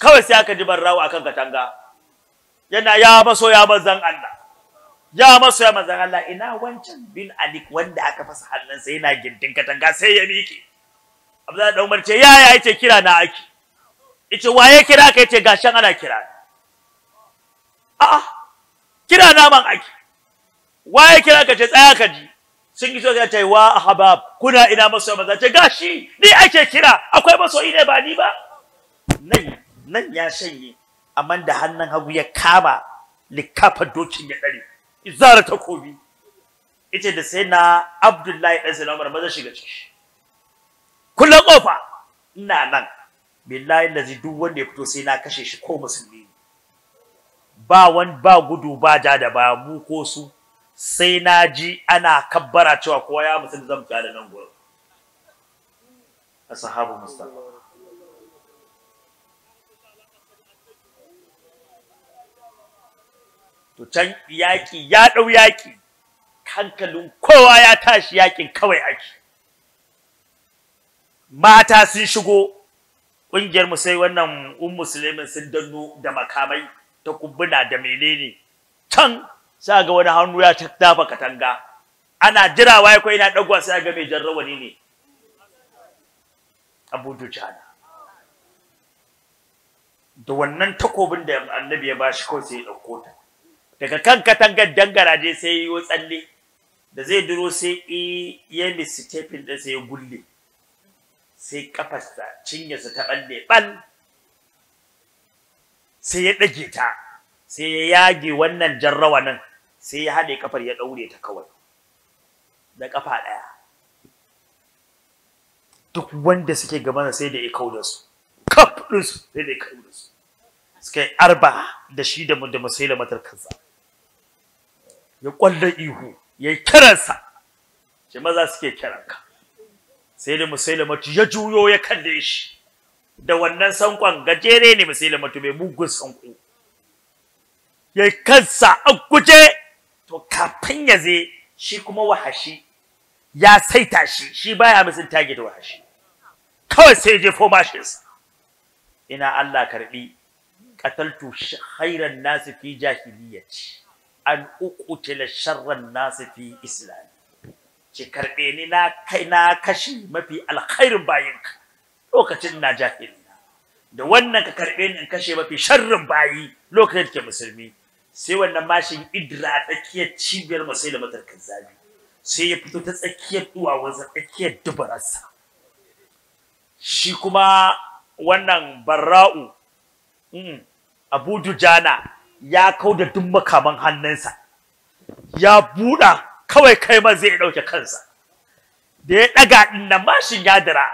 kawai sai aka ji rawa akan katanga yana ya maso ya mazan Allah ya maso ya mazan Allah ina wancan bin alik wanda aka fasa hannunsa yana gindin katanga sai ya miƙe Abdullahi dan Umar ce yaya yace kira na aki ce, waye kira ka yace gashin ana kira a'a kira naman aki waye kira ka ce tsaya ka ji sun iso ya tai wa habab kuna ina maso maza ce gashi ni ake kira akwai maso ine ba ni ba nan nan ya shanye amma da hannun hagu ya kama likafa dokin ya dare izara takobi ice da sai na abdullahi dan salamar maza shiga ciki kullun kofa ina nan billahi lazi duk wanda ya fito sai na kashe shi ko musulmi ba wan ba gudu ba ja da ba mu ko su sai na ji ana kabbara cewa kowa ya musulmi zan fita da nan gurin ashabu mustafa to can yaki ya dau yaki hankalin kowa ya tashi yakin kawai ake mata sun shigo ƙungiyar mu sai wannan un musulmin sun danno da makamai ta kubuna da menene can sai ga wani hannu ya dafa katanga ana jirawa ya ko na dagwa sai ga mai jarrawani ne Abu Dujana da wannan takobin da annabi ya bashi ko sai ya dauko ta daga kan katangar dangara je sai yi tsalle da zai duro sai ya stepping ɗin sai ya gulle sai kafarsa cinyarsa ta balle bal sai ya dage ta sai ya yage wannan jarrawa nan sai ya hade kafar ya ɗaure ta kawai da kafa daya duk wanda suke gaban sai da ya su kaf din su sai da ya kauda su suka arba da shi da da musaila matar ya ƙwallon ihu ya kiransa shi maza suke kiranka sai da musailamatu ya juyo ya kalle shi da wannan sankon gajere ne musailamatu mai mugu sanko ya kansa a guje to kafin ya zai shi kuma wahashi ya saita shi shi baya misin tage da wahashi kawai sai je fo bashinsa ina Allah karbi qataltu khairan nasi fi jahiliyyati an uqutila sharran nasi fi islam ki karbe ni na kai na kashe mafi alkhairin bayinka lokacin na jahili da wannan ka karbe ni in kashe mafi sharrin bayi lokacin ke musulmi sai wannan mashin idra tsakiyar cibiyar masai da matar sai ya fito ta tsakiyar duwawansa tsakiyar dubararsa shi kuma wannan barra'u abu dujana ya kau da duk makaman hannunsa ya buɗa kawai kai ma zai dauke kansa da ya daga din nan mashin ya dira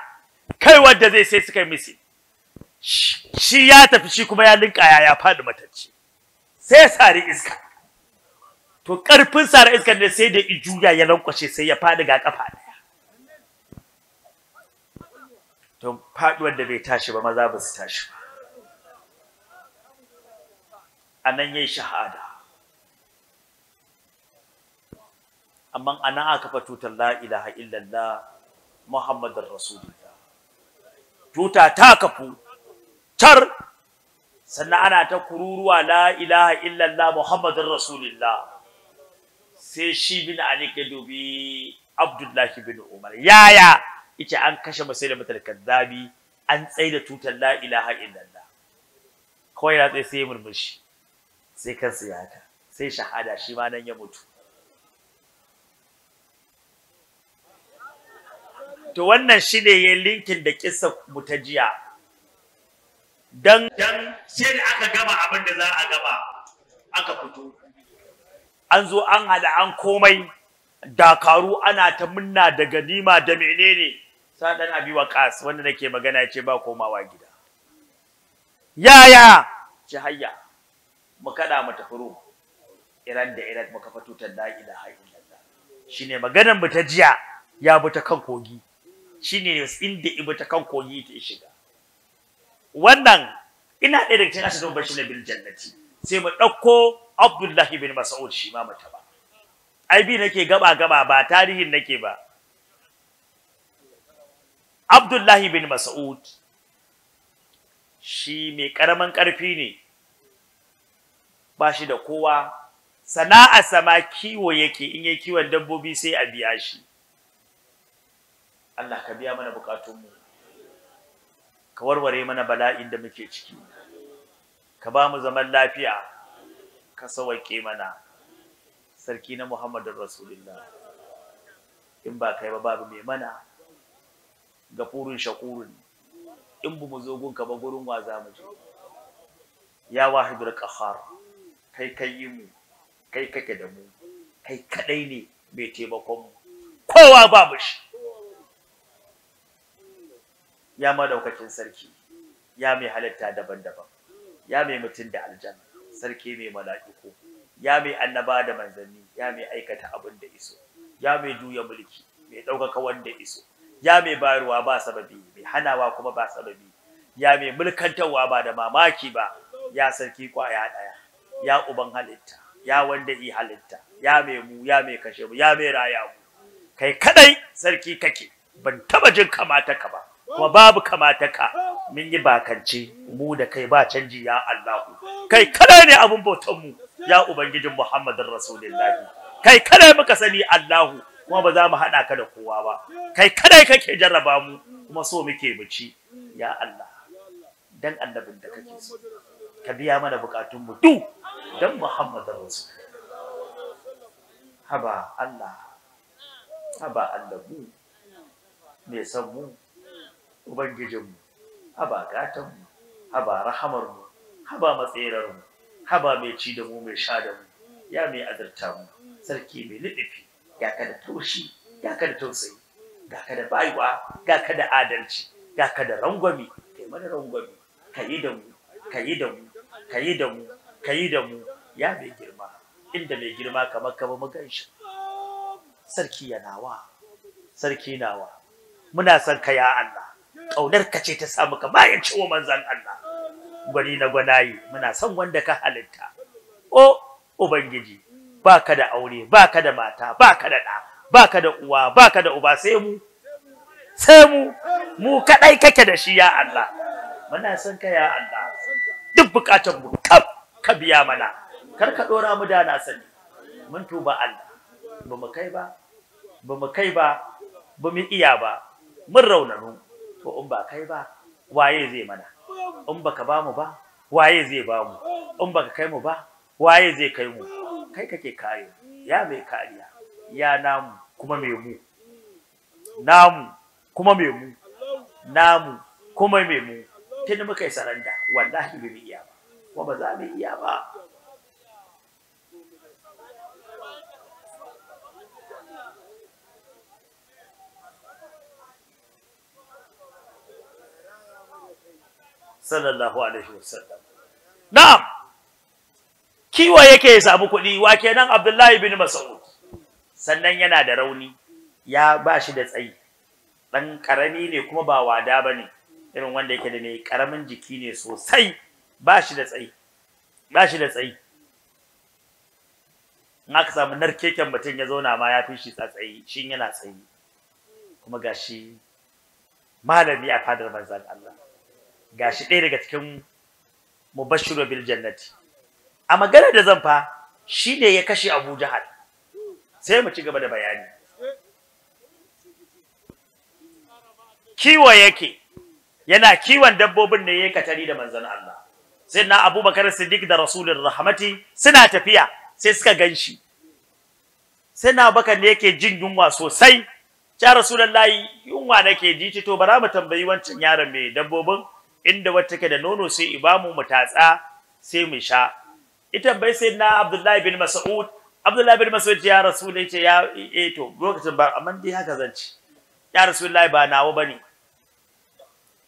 kai wanda zai sai suka misi shi ya tafi shi kuma ya linka ya ya fadi matacci sai sare iska to karfin sare iska ne sai da ijuya ya lankwashe sai ya fadi ga kafa daya to fadi wanda bai tashi ba maza ba su tashi ba anan yayi shahada amma ana aka tutar la ilaha illallah muhammadar rasulullah tuta ta kafu tar sannan ana ta kururuwa la ilaha illallah muhammadar rasulullah sai shi bin ali ke dubi abdullahi bin umar yaya yace an kashe masai da an tsaida tutar la ilaha illallah kawai ya tsaye sai murmushi sai kansa ya ta sai shahada shi ma nan ya mutu to wannan shine ya linkin da kisa mu ta jiya dan sai da aka gama abin da za a gama aka fito an zo an hada an komai dakaru ana ta munna da ganima da menene sa dan abi waqas wanda nake magana ya ce ba komawa gida yaya ci hayya mu kada mu tafi iran da iran muka fito ta la ilaha illallah shine maganar mu ta jiya ya bi ta kan kogi shine inda ibi ta kan kogi ta shiga wannan ina ɗaya daga cikin ashirin bashi na bil jannati sai mu ɗauko abdullahi bin mas'ud shi ma mata ba ai bi nake gaba gaba ba tarihin nake ba abdullahi bin mas'ud shi mai karaman karfi ne Bashi da kowa sana'a sama kiwo yake in yi kiwon dabbobi sai a biya shi Allah ka biya mana bukatunmu ka warware mana bala'in da muke ciki ka ba mu zaman lafiya ka sawaƙe mana sarki na Muhammadun Rasulullah in ba kai ba babu mai mana ga gafurun shakurun in bu mu zo gunka ba gurin wa za mu je ya wahidul qahar kai kai yi mu kai kake da mu kai kadai ne mai taimakon mu kowa babu shi ya madaukakin sarki ya mai halitta daban-daban ya mai mutum da aljanna sarki mai mala'iku ya mai annaba da manzanni ya mai aikata abin da iso ya mai juya mulki mai ɗaukaka wanda iso ya mai bayarwa ba sababi mai hanawa kuma ba sababi ya mai mulkantarwa ba da mamaki ba ya sarki kwaya ɗaya ya uban halitta ya wanda i halitta ya mai mu ya mai kashe mu ya mai raya mu kai kadai sarki kake ban taba jin kamata ka ba kuma babu kamata ka mun yi bakance mu da kai ba canji ya Allah kai kada ne abun bautanmu mu ya ubangijin Muhammadin Rasulullahi kai kada muka sani Allahu kuma ba za mu hada ka da kowa ba kai kada kake jarraba mu kuma so muke mu ci ya Allah dan annabin da kake so ka biya mana bukatun mu du dan Muhammadin Rasul haba Allah haba Allah mu me san mu ubangijinmu haba gatanmu haba rahamarmu haba matserarmu haba mai ci da mu mai sha da mu ya mai azarta mu sarki mai liɗifi ya ka da taushi ya ka da tausayi ga ka da baiwa ga ka da adalci ga ka da rangwami kai mana rangwami ka yi da mu ka yi da mu ka yi da mu ka yi da mu ya mai girma inda mai girma kamar ka mu ganshi sarki ya nawa sarki nawa muna son ka ya Allah ƙaunar ka ce ta samu ka bayan cewa manzan Allah gwani na gwanaye muna son wanda ka halitta o ubangiji baka da aure baka da mata baka da ɗa baka da uwa baka da uba sai mu sai mu mu kadai kake da shi ya Allah muna son ka ya Allah duk bukatun mu kab ka biya mana kar ka dora mu da na sani mun tuba Allah mu kai ba mu kai ba ba mu iya ba mun raunanu to in ba kai ba waye zai mana in baka ba mu ba waye zai ba mu in baka kai mu ba waye zai kai mu kai kake kayo ya mai kariya ya namu kuma mai mu namu kuma mai mu namu kuma mai mu tun muka yi saranda wallahi bai iya ba kuma ba za mu iya ba sallallahu alaihi wasallam na'am kiwa yake ya samu kuɗi wa kenan Abdullahi bin Mas'ud sannan yana da rauni ya bashi da tsayi dan karami ne kuma ba wada bane irin wanda yake da ne karamin jiki ne sosai ba da tsayi bashi da tsayi in aka samu narkeken mutum ya zauna ma ya fi shi tsatsayi shi yana tsayi kuma gashi malami a fadar manzan Allah gashi ɗaya daga cikin mubashiru bil jannati a magana da zan fa shi ne ya kashe Abu Jahal sai mu ci gaba da bayani kiwo yake yana kiwon dabbobin ne yake katari da manzon Allah sai na Abubakar Siddiq da Rasulur Rahmati suna tafiya sai suka ganshi sai na Abubakar ne yake jin yunwa sosai ya Rasulullahi yunwa nake ji to bara mu tambayi wancan yaron mai dabbobin inda wata ke da nono sai ibamu mu tatsa sai mu sha ita bai sai na Abdullahi bin Mas'ud Abdullahi bin Mas'ud ya rasul yace ya eh to lokacin ba amma dai haka zance ya rasulullahi ba nawo bane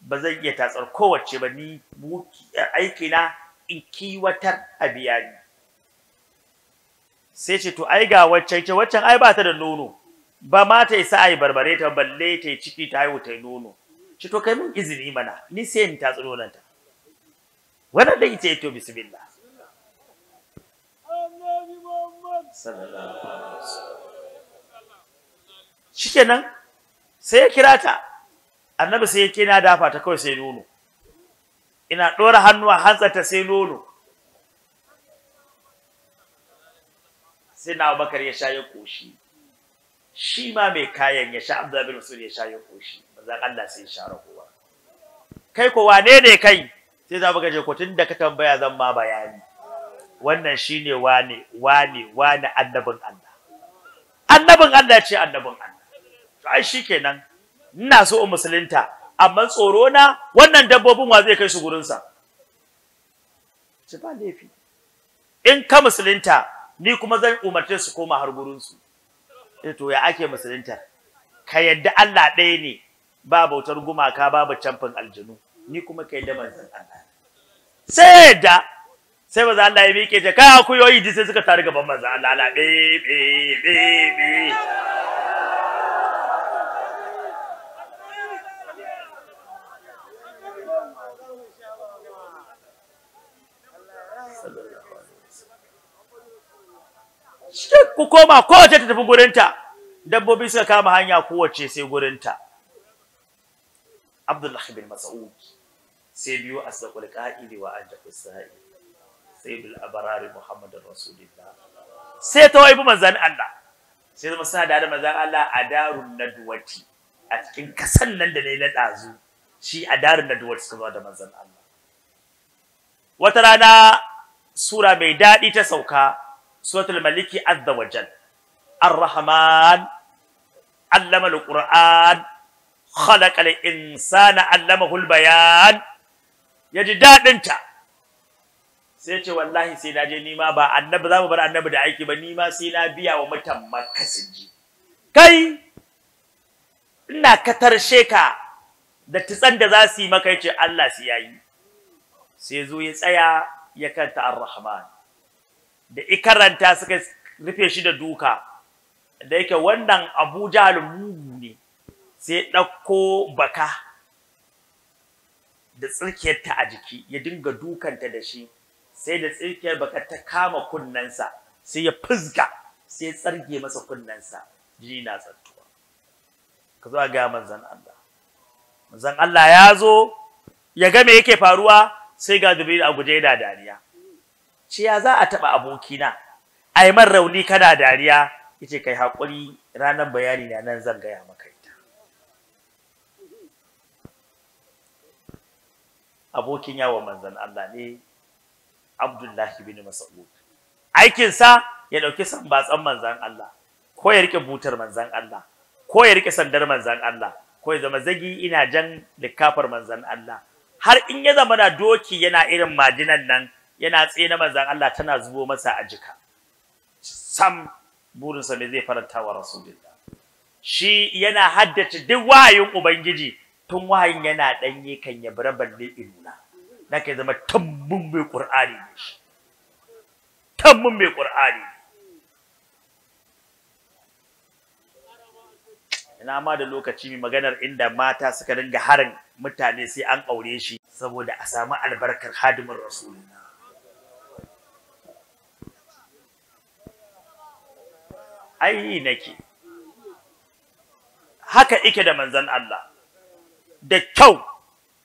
ba zan iya tatsar kowace ba ni aiki na in kiwatar abiyani sai ce to ai ga waccan ce waccan ai ba ta da nono ba ma ta isa ai barbare ta balle ta ciki ta haihu ta nono ci to kai mun izini mana ni sai in tatsi nan ta wannan da ita to bismillah shikenan sai ya kira ta annabi sai ya na dafa ta kawai sai nono ina dora hannu a hantsarta sai nono sai na ya sha koshi shi ma mai kayan ya sha Abdullahi bin ya sha ya koshi manzan Allah sai share kowa kai ko wane ne kai sai za mu gaje ko tun da ka tambaya zan ma bayani wannan shine wane wane wane annabin Allah annabin Allah ce annabin Allah to ai shikenan ina so in musulunta amma tsoro na wannan dabbobin wa zai kai su gurin sa ci ba lafi in ka musulunta ni kuma zan umarce su koma har gurin su eh to ya ake musulunta ka yadda Allah ɗaya ne ba bautar gumaka babu canfin aljinu ni kuma kai da manzon Allah sai da sai manzon Allah ya miƙe ta kai akuyoyi ji sai suka taru gaban manzon Allah la be be be be Ku koma kowace ta tafi gurinta, dabbobi suka kama hanya kowace sai gurinta. Abdullah bin mas'ud sai biyu asdaqul qa'ili wa ajaqul sa'i bil abarari muhammadur Rasulullah sai ta waifi manzan Allah sai zama sa da manzan Allah a darun nadwati a cikin kasan nan da ne na dazu shi a darun nadwati suka zo da manzan Allah wata rana sura mai daɗi ta sauka suratul maliki azza wajal arrahman rahman allama al khalaqal insana allamahul bayan yaji dadin ta sai ce wallahi sai na je nima ba annabi za mu bar annabi da aiki ba nima sai na biya wa mutan makka ji kai ina katarshe ka da tsan za su yi maka yace Allah sai yayi sai zo ya tsaya ya kanta ar-rahman da ikaranta suka rufe shi da duka da yake wannan Abuja Jahl ne sai ɗauko baka da tsirkiyarta a jiki ya dinga dukanta da shi sai da tsirkiyar baka ta kama kunnensa sai ya fizga sai ya tsarge masa kunnensa jini na tsattuwa ka zo ga manzan Allah manzan Allah ya zo ya ga me yake faruwa sai ga Jibril a guje da dariya ce ya za a taɓa abokina A yi man rauni kana dariya yace kai haƙuri, ranar bayani na nan zan gaya maka abokin yawon manzan Allah ne Abdullahi bin Mas'ud aikin sa ya dauki sambatsan manzan Allah ko ya rike butar manzan Allah ko ya rike sandar manzan Allah ko ya zama zagi ina jan likafar manzan Allah har in ya zama na doki yana irin madinan nan yana tsaye na manzon Allah tana zubo masa a jika sam burinsa ne zai faranta wa rasulullah shi yana haddace duk wayoyin ubangiji tun wahayin yana danye kan ya bar balle inuna nake zama tambun mai qur'ani ne shi tambun mai qur'ani ina ma da lokaci mai maganar inda mata suka ringa harin mutane sai an aure shi saboda a sami albarkar hadimin rasulina ai nake haka ike da manzon Allah da kyau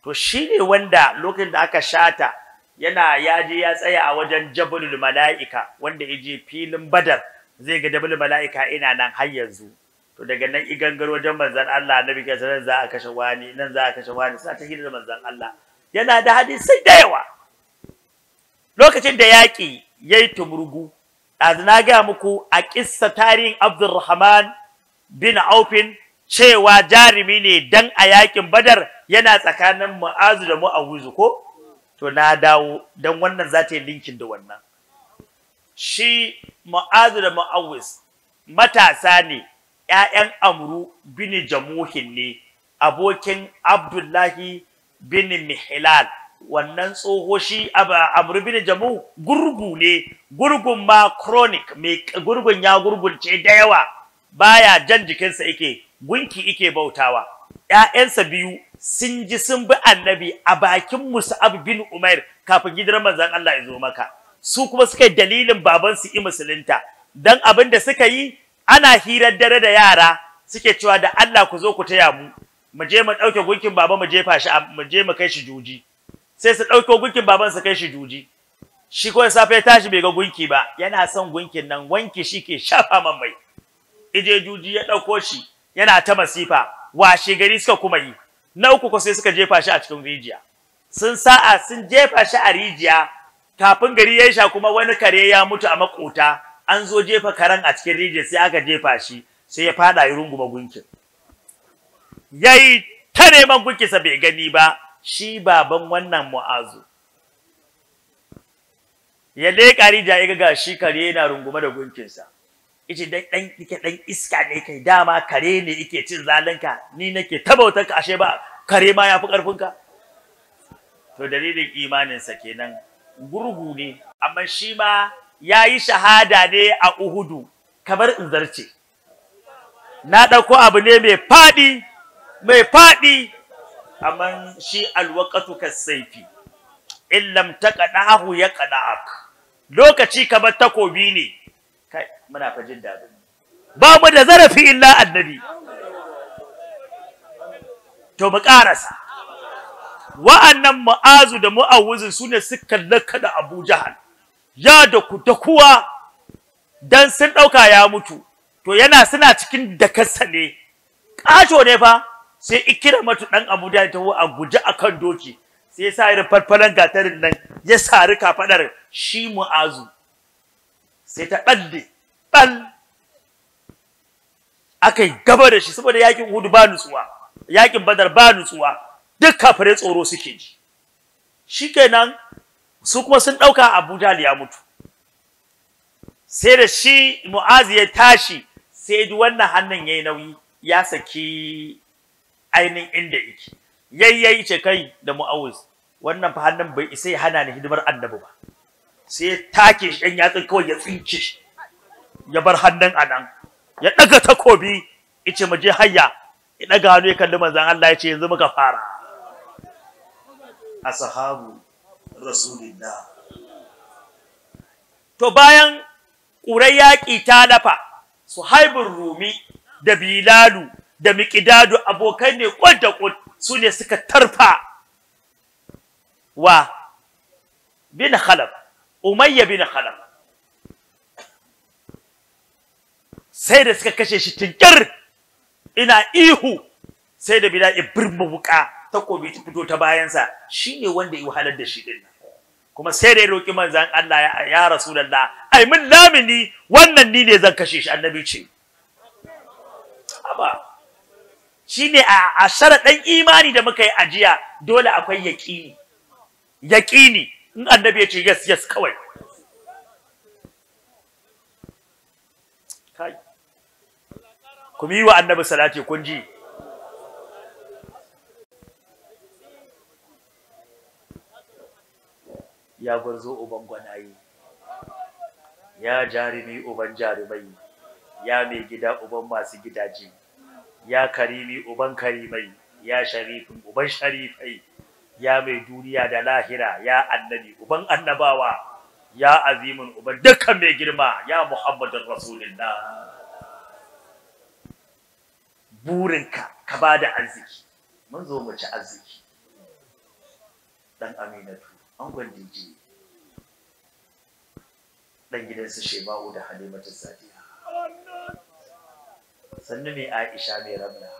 to shi ne wanda lokacin da aka shata yana yaji ya tsaya a wajen Jabalul Malaika wanda yaje filin Badar zai ga Jabalul Malaika ina nan har yanzu to daga nan i gangar wajen manzon Allah Annabi kai sanar za a kashe wani nan za a kashe wani sai ta hidda manzon Allah yana da hadisi da yawa lokacin da yaƙi yayi tumurgu ɗazu na ga muku a kissa tarihin Abdulrahman bin Aufin cewa jarumi ne dan a yakin badar yana tsakanin mu'azu da mu'awuzu ko to na dawo dan wannan za ta yi linkin da wannan shi mu'azu da mu'awuz matasa ne ƴaƴan amru bin jamuhin ne abokin abdullahi bin mihlal wannan tsoho shi amru bin jamu gurgu ne gurgun ma chronic mai gurgun ya gurgunce da yawa baya jan jikinsa yake gunki yake bautawa ƴaƴansa biyu sun ji sun bi annabi a bakin Mus'ab bin Umair kafin gidan manzan Allah ya zo maka su kuma suka dalilin baban su yi musulunta dan abin da suka yi ana hirar dare da yara suke cewa da Allah ku zo ku taya mu mu je mu dauke gunkin baba mu jefa shi mu je mu kai shi juji sai su ɗauke gunkin baban su kai shi juji shi ko safe tashi bai ga gunki ba yana son gunkin nan wanki shi ke shafa man mai Ijejuji ya ɗauko shi yana ta masifa washe gari suka kuma yi na uku ko sai suka jefa shi a cikin rijiya sun sa'a sun jefa shi a rijiya kafin gari ya sha kuma wani kare ya mutu a makota an zo jefa karen a cikin rijiya sai aka jefa shi sai ya fada yi runguma gunkin yayi ta neman sa bai gani ba shi baban wannan mu'azu ya leƙa rijiya ya ga shi kare yana runguma da gunkinsa yace dan dan dan iska ne kai dama kare ne yake cin zalanka ni nake tabautar ka ashe ba kare ma yafi karfin ka to dalilin imanin sa kenan gurgu ne amma shi ma yayi shahada ne a Uhudu kamar in zarce na dauko abu ne mai fadi mai fadi amma shi alwaqatu kasayfi illam taqadahu yaqadak lokaci kamar takobi ne muna fa jin ba mu da zarafi illa annabi to mu karasa wa'annan mu'azu da mu'awuzin sune suka laka da Abu Jahal ya da ku da kuwa dan sun dauka ya mutu to yana suna cikin dakarsa ne ƙasho ne fa sai ikramatu dan Abu Jahal ta a guje akan doki sai sa irin farfalan gatarin nan ya sari kafadar shi mu'azu sai ta dalle bal akai gaba da shi saboda yakin hudu ba nutsuwa yakin Badar ba nutsuwa duk kafare tsoro suke ji shi kenan su kuma sun ɗauka abuja Jahl ya mutu sai da shi Mu'az ya tashi sai da wannan hannun ya yi nauyi ya saki ainihin inda yake yayyayi ce kai da Mu'awuz wannan fa hannun bai isa ya hana ni hidimar annabu ba sai take shi ɗan yatsun kawai ya tsinke shi ya bar hannun anan ya daga takobi yace mu je hayya ya daga hannu ya kalli manzon Allah yace yanzu muka fara ashabu rasulillah to bayan kurai yaki ta lafa suhaibun rumi da bilalu da miƙidadu abokai ne da ƙud su ne suka tarfa wa bin khalaf umayya bin khalaf sai da suka kashe shi tinkir ina ihu sai da bila'i birma wuka takobi ta fito ta bayansa shine wanda ya wahalar da shi din kuma sai da ya roki manzan Allah ya ya rasulullah ai mun lamini wannan ni ne zan kashe shi annabi ce aba shine a asara ɗan imani da muka yi ajiya dole akwai yaqini yaqini in annabi ya ce yes yes kawai ku yi wa annabi salati kun ji ya gwarzo uban gwanaye ya jarumi uban jarumai ya mai gida uban masu gidaje ya karimi uban karimai ya sharifin uban sharifai ya mai duniya da lahira ya annabi uban annabawa ya azimin uban dukkan mai girma ya muhammadin rasulullah burinka ka ba da arziki mun zo mu ci arziki dan aminatu an ji dan gidansu shema'u da halimatu sadiya sannu mai aisha mai rabna.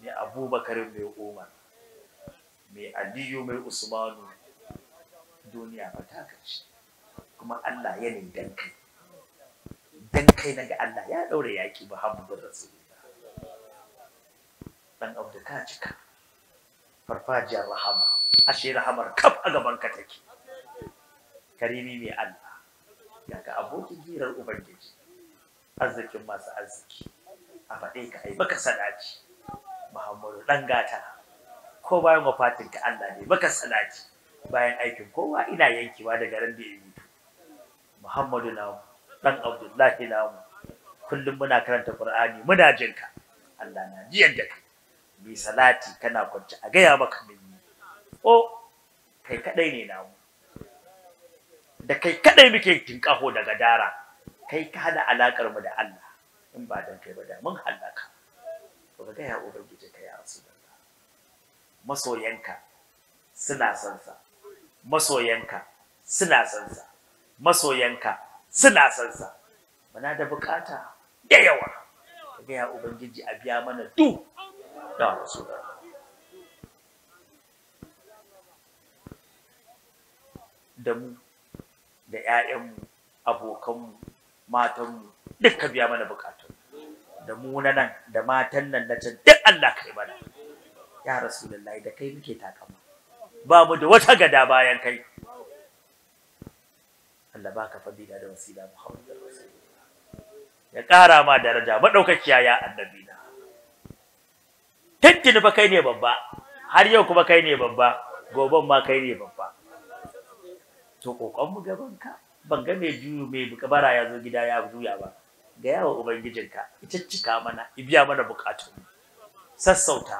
mai abubakar mai umar mai aliyu mai usmanu duniya ba ta karshe kuma allah yanayi dan kai dan kai na ga allah ya daure yaki muhammadu rasul dan abdu ka cika farfajiyar rahama ashe rahamar kaf a gaban ka take karimi mai Allah ya ga abokin hirar ubangiji arzikin masu arziki a faɗe ka ai baka sadaci muhammadu dan gata ko bayan wafatin ka Allah ne baka sadaci bayan aikin kowa ina yankewa daga ran da yi muhammadu na dan abdullahi namu kullum muna karanta qur'ani muna jinka Allah na jiyar da kai mai salati kana kwanci a gaya maka mai o kai kadai ne namu da kai kadai muke tinkaho daga dara kai ka hada alakar mu da Allah in ba dan kai ba da mun halaka to ka gaya ubangiji kai ya rasulullah masoyanka suna son sa masoyanka suna son sa masoyanka suna son sa muna da bukata da yawa ka gaya ubangiji a biya mana duk ya Rasulullah da mu da ƴaƴanmu abokanmu matanmu duk ka biya mana bukatu da mu na nan da matan nan na can duk Allah kai mana ya rasulullahi da kai muke takama ba mu da wata gada bayan kai Allah baka fadila da wasila Muhammad ya ƙara ma daraja maɗaukaciya ya annabi tuntuni fa kai ne babba har yau kuma kai ne babba goben ma kai ne babba to kokon mu gaban ka ban ga mai juyu mai bukabara ya zo gida ya juya ba ga yawa ubangijinka ita cika mana ibiya mana bukatu sassauta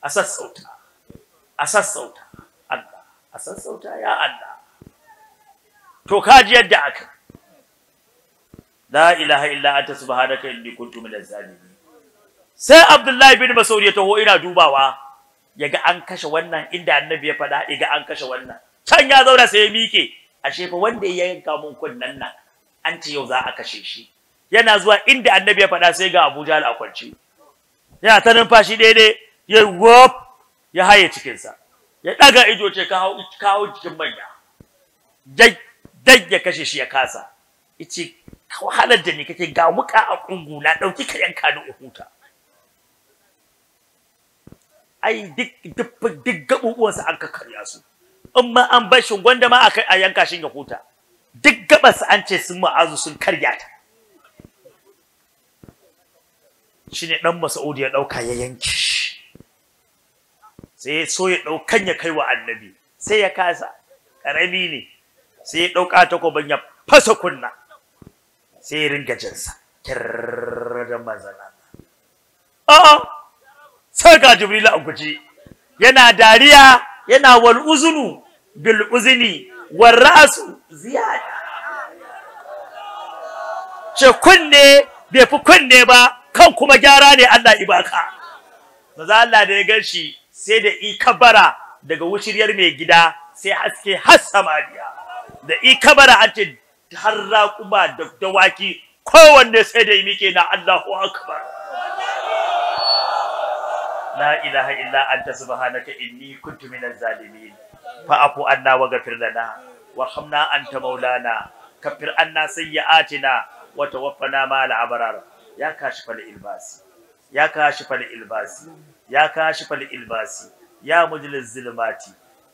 a sassauta a sassauta Allah a sassauta ya Allah to ka ji yadda aka la ilaha illa anta subhanaka inni kuntu minaz zalimin sai Abdullahi bin Mas'ud ya taho ina dubawa yaga an kashe wannan inda annabi ya fada ga an kashe wannan can ya zauna sai ya mike ashe fa wanda ya yanka mun kunnan nan an ce yau za a kashe shi yana zuwa inda annabi ya fada sai ga Abuja da yana ta numfashi daidai ya wop ya haye cikinsa ya ɗaga ido ce kawo kawo jikin manya dai ya kashe shi ya kasa ice wahalar da ne kake ga wuka a ƙungula ɗauki ka yanka ni uhuta ai duk duk duk gabubuwansa an kakkarya su in ma an bar shi gwanda ma a yanka shi ya huta duk gabas an ce sun ma'azu sun karya ta shine dan masa'udu ya dauka ya yanki sai so ya daukan ya kai wa annabi sai ya kasa ƙarami ne sai ya dauka takoban ya fasa kunna sai ya ringa jinsa kirdan manzon a'a sai ga a guje yana dariya yana wal uzunu bil uzuni wal ra'su ziyada ce kunne bai fi kunne ba kan kuma gyara ne Allah ibaka maza Allah da ya ganshi sai da ikabara daga wushiryar mai gida sai haske har samariya da ikabara an ce har raƙuma da dawaki kowanne sai da yi mike na Allahu akbar لا إله إلا أنت سبحانك إني كنت من الظالمين فأفو أنا وغفر لنا وارحمنا أنت مولانا كفر أنا سيئاتنا وتوفنا مع الأبرار يا كاشف الإلباس يا كاشف الإلباس يا كاشف الإلباس يا مجل الظلمات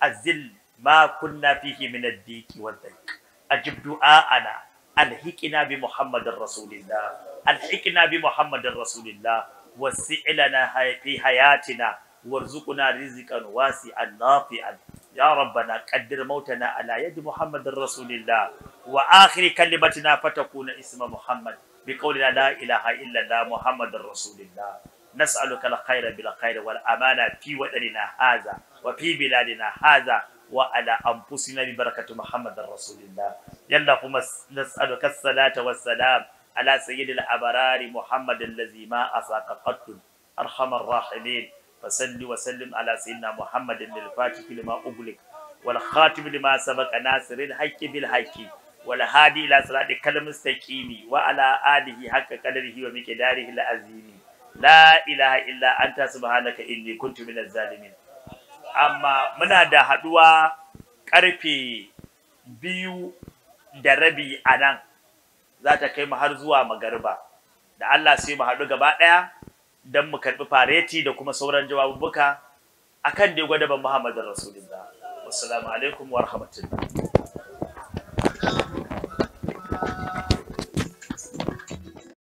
أزل ما كنا فيه من الديك والذيك أجب دعاءنا الحكنا بمحمد الرسول الله الحكنا بمحمد الرسول الله وسعلنا في حياتنا وارزقنا رزقا واسعا نافعا يا ربنا قدر موتنا على يد محمد رسول الله وآخر كلمتنا فتكون اسم محمد بقولنا لا إله إلا الله محمد رسول الله نسألك الخير بالخير والأمانة في وطننا هذا وفي بلادنا هذا وعلى أنفسنا ببركة محمد رسول الله يلا نسألك الصلاة والسلام على سيد الأبرار محمد الذي ما أساق قط أرحم الراحمين فصل وسلم على سيدنا محمد الفاتح لما أغلق والخاتم لما سبق ناصر الحق بالحق والهادي إلى صراط كلم استقيم وعلى آله حق قدره ومقداره العظيم لا إله إلا أنت سبحانك إني كنت من الظالمين amma muna da haduwa karfe biyu da rabi a nan za ta kai mu har zuwa magarba da Allah sai mu haɗu gaba ɗaya don mu karɓi fareti da kuma sauran jawabubbuka akan dai ban Muhammadu Rasulullah wassalamu alaikum wa rahmatullah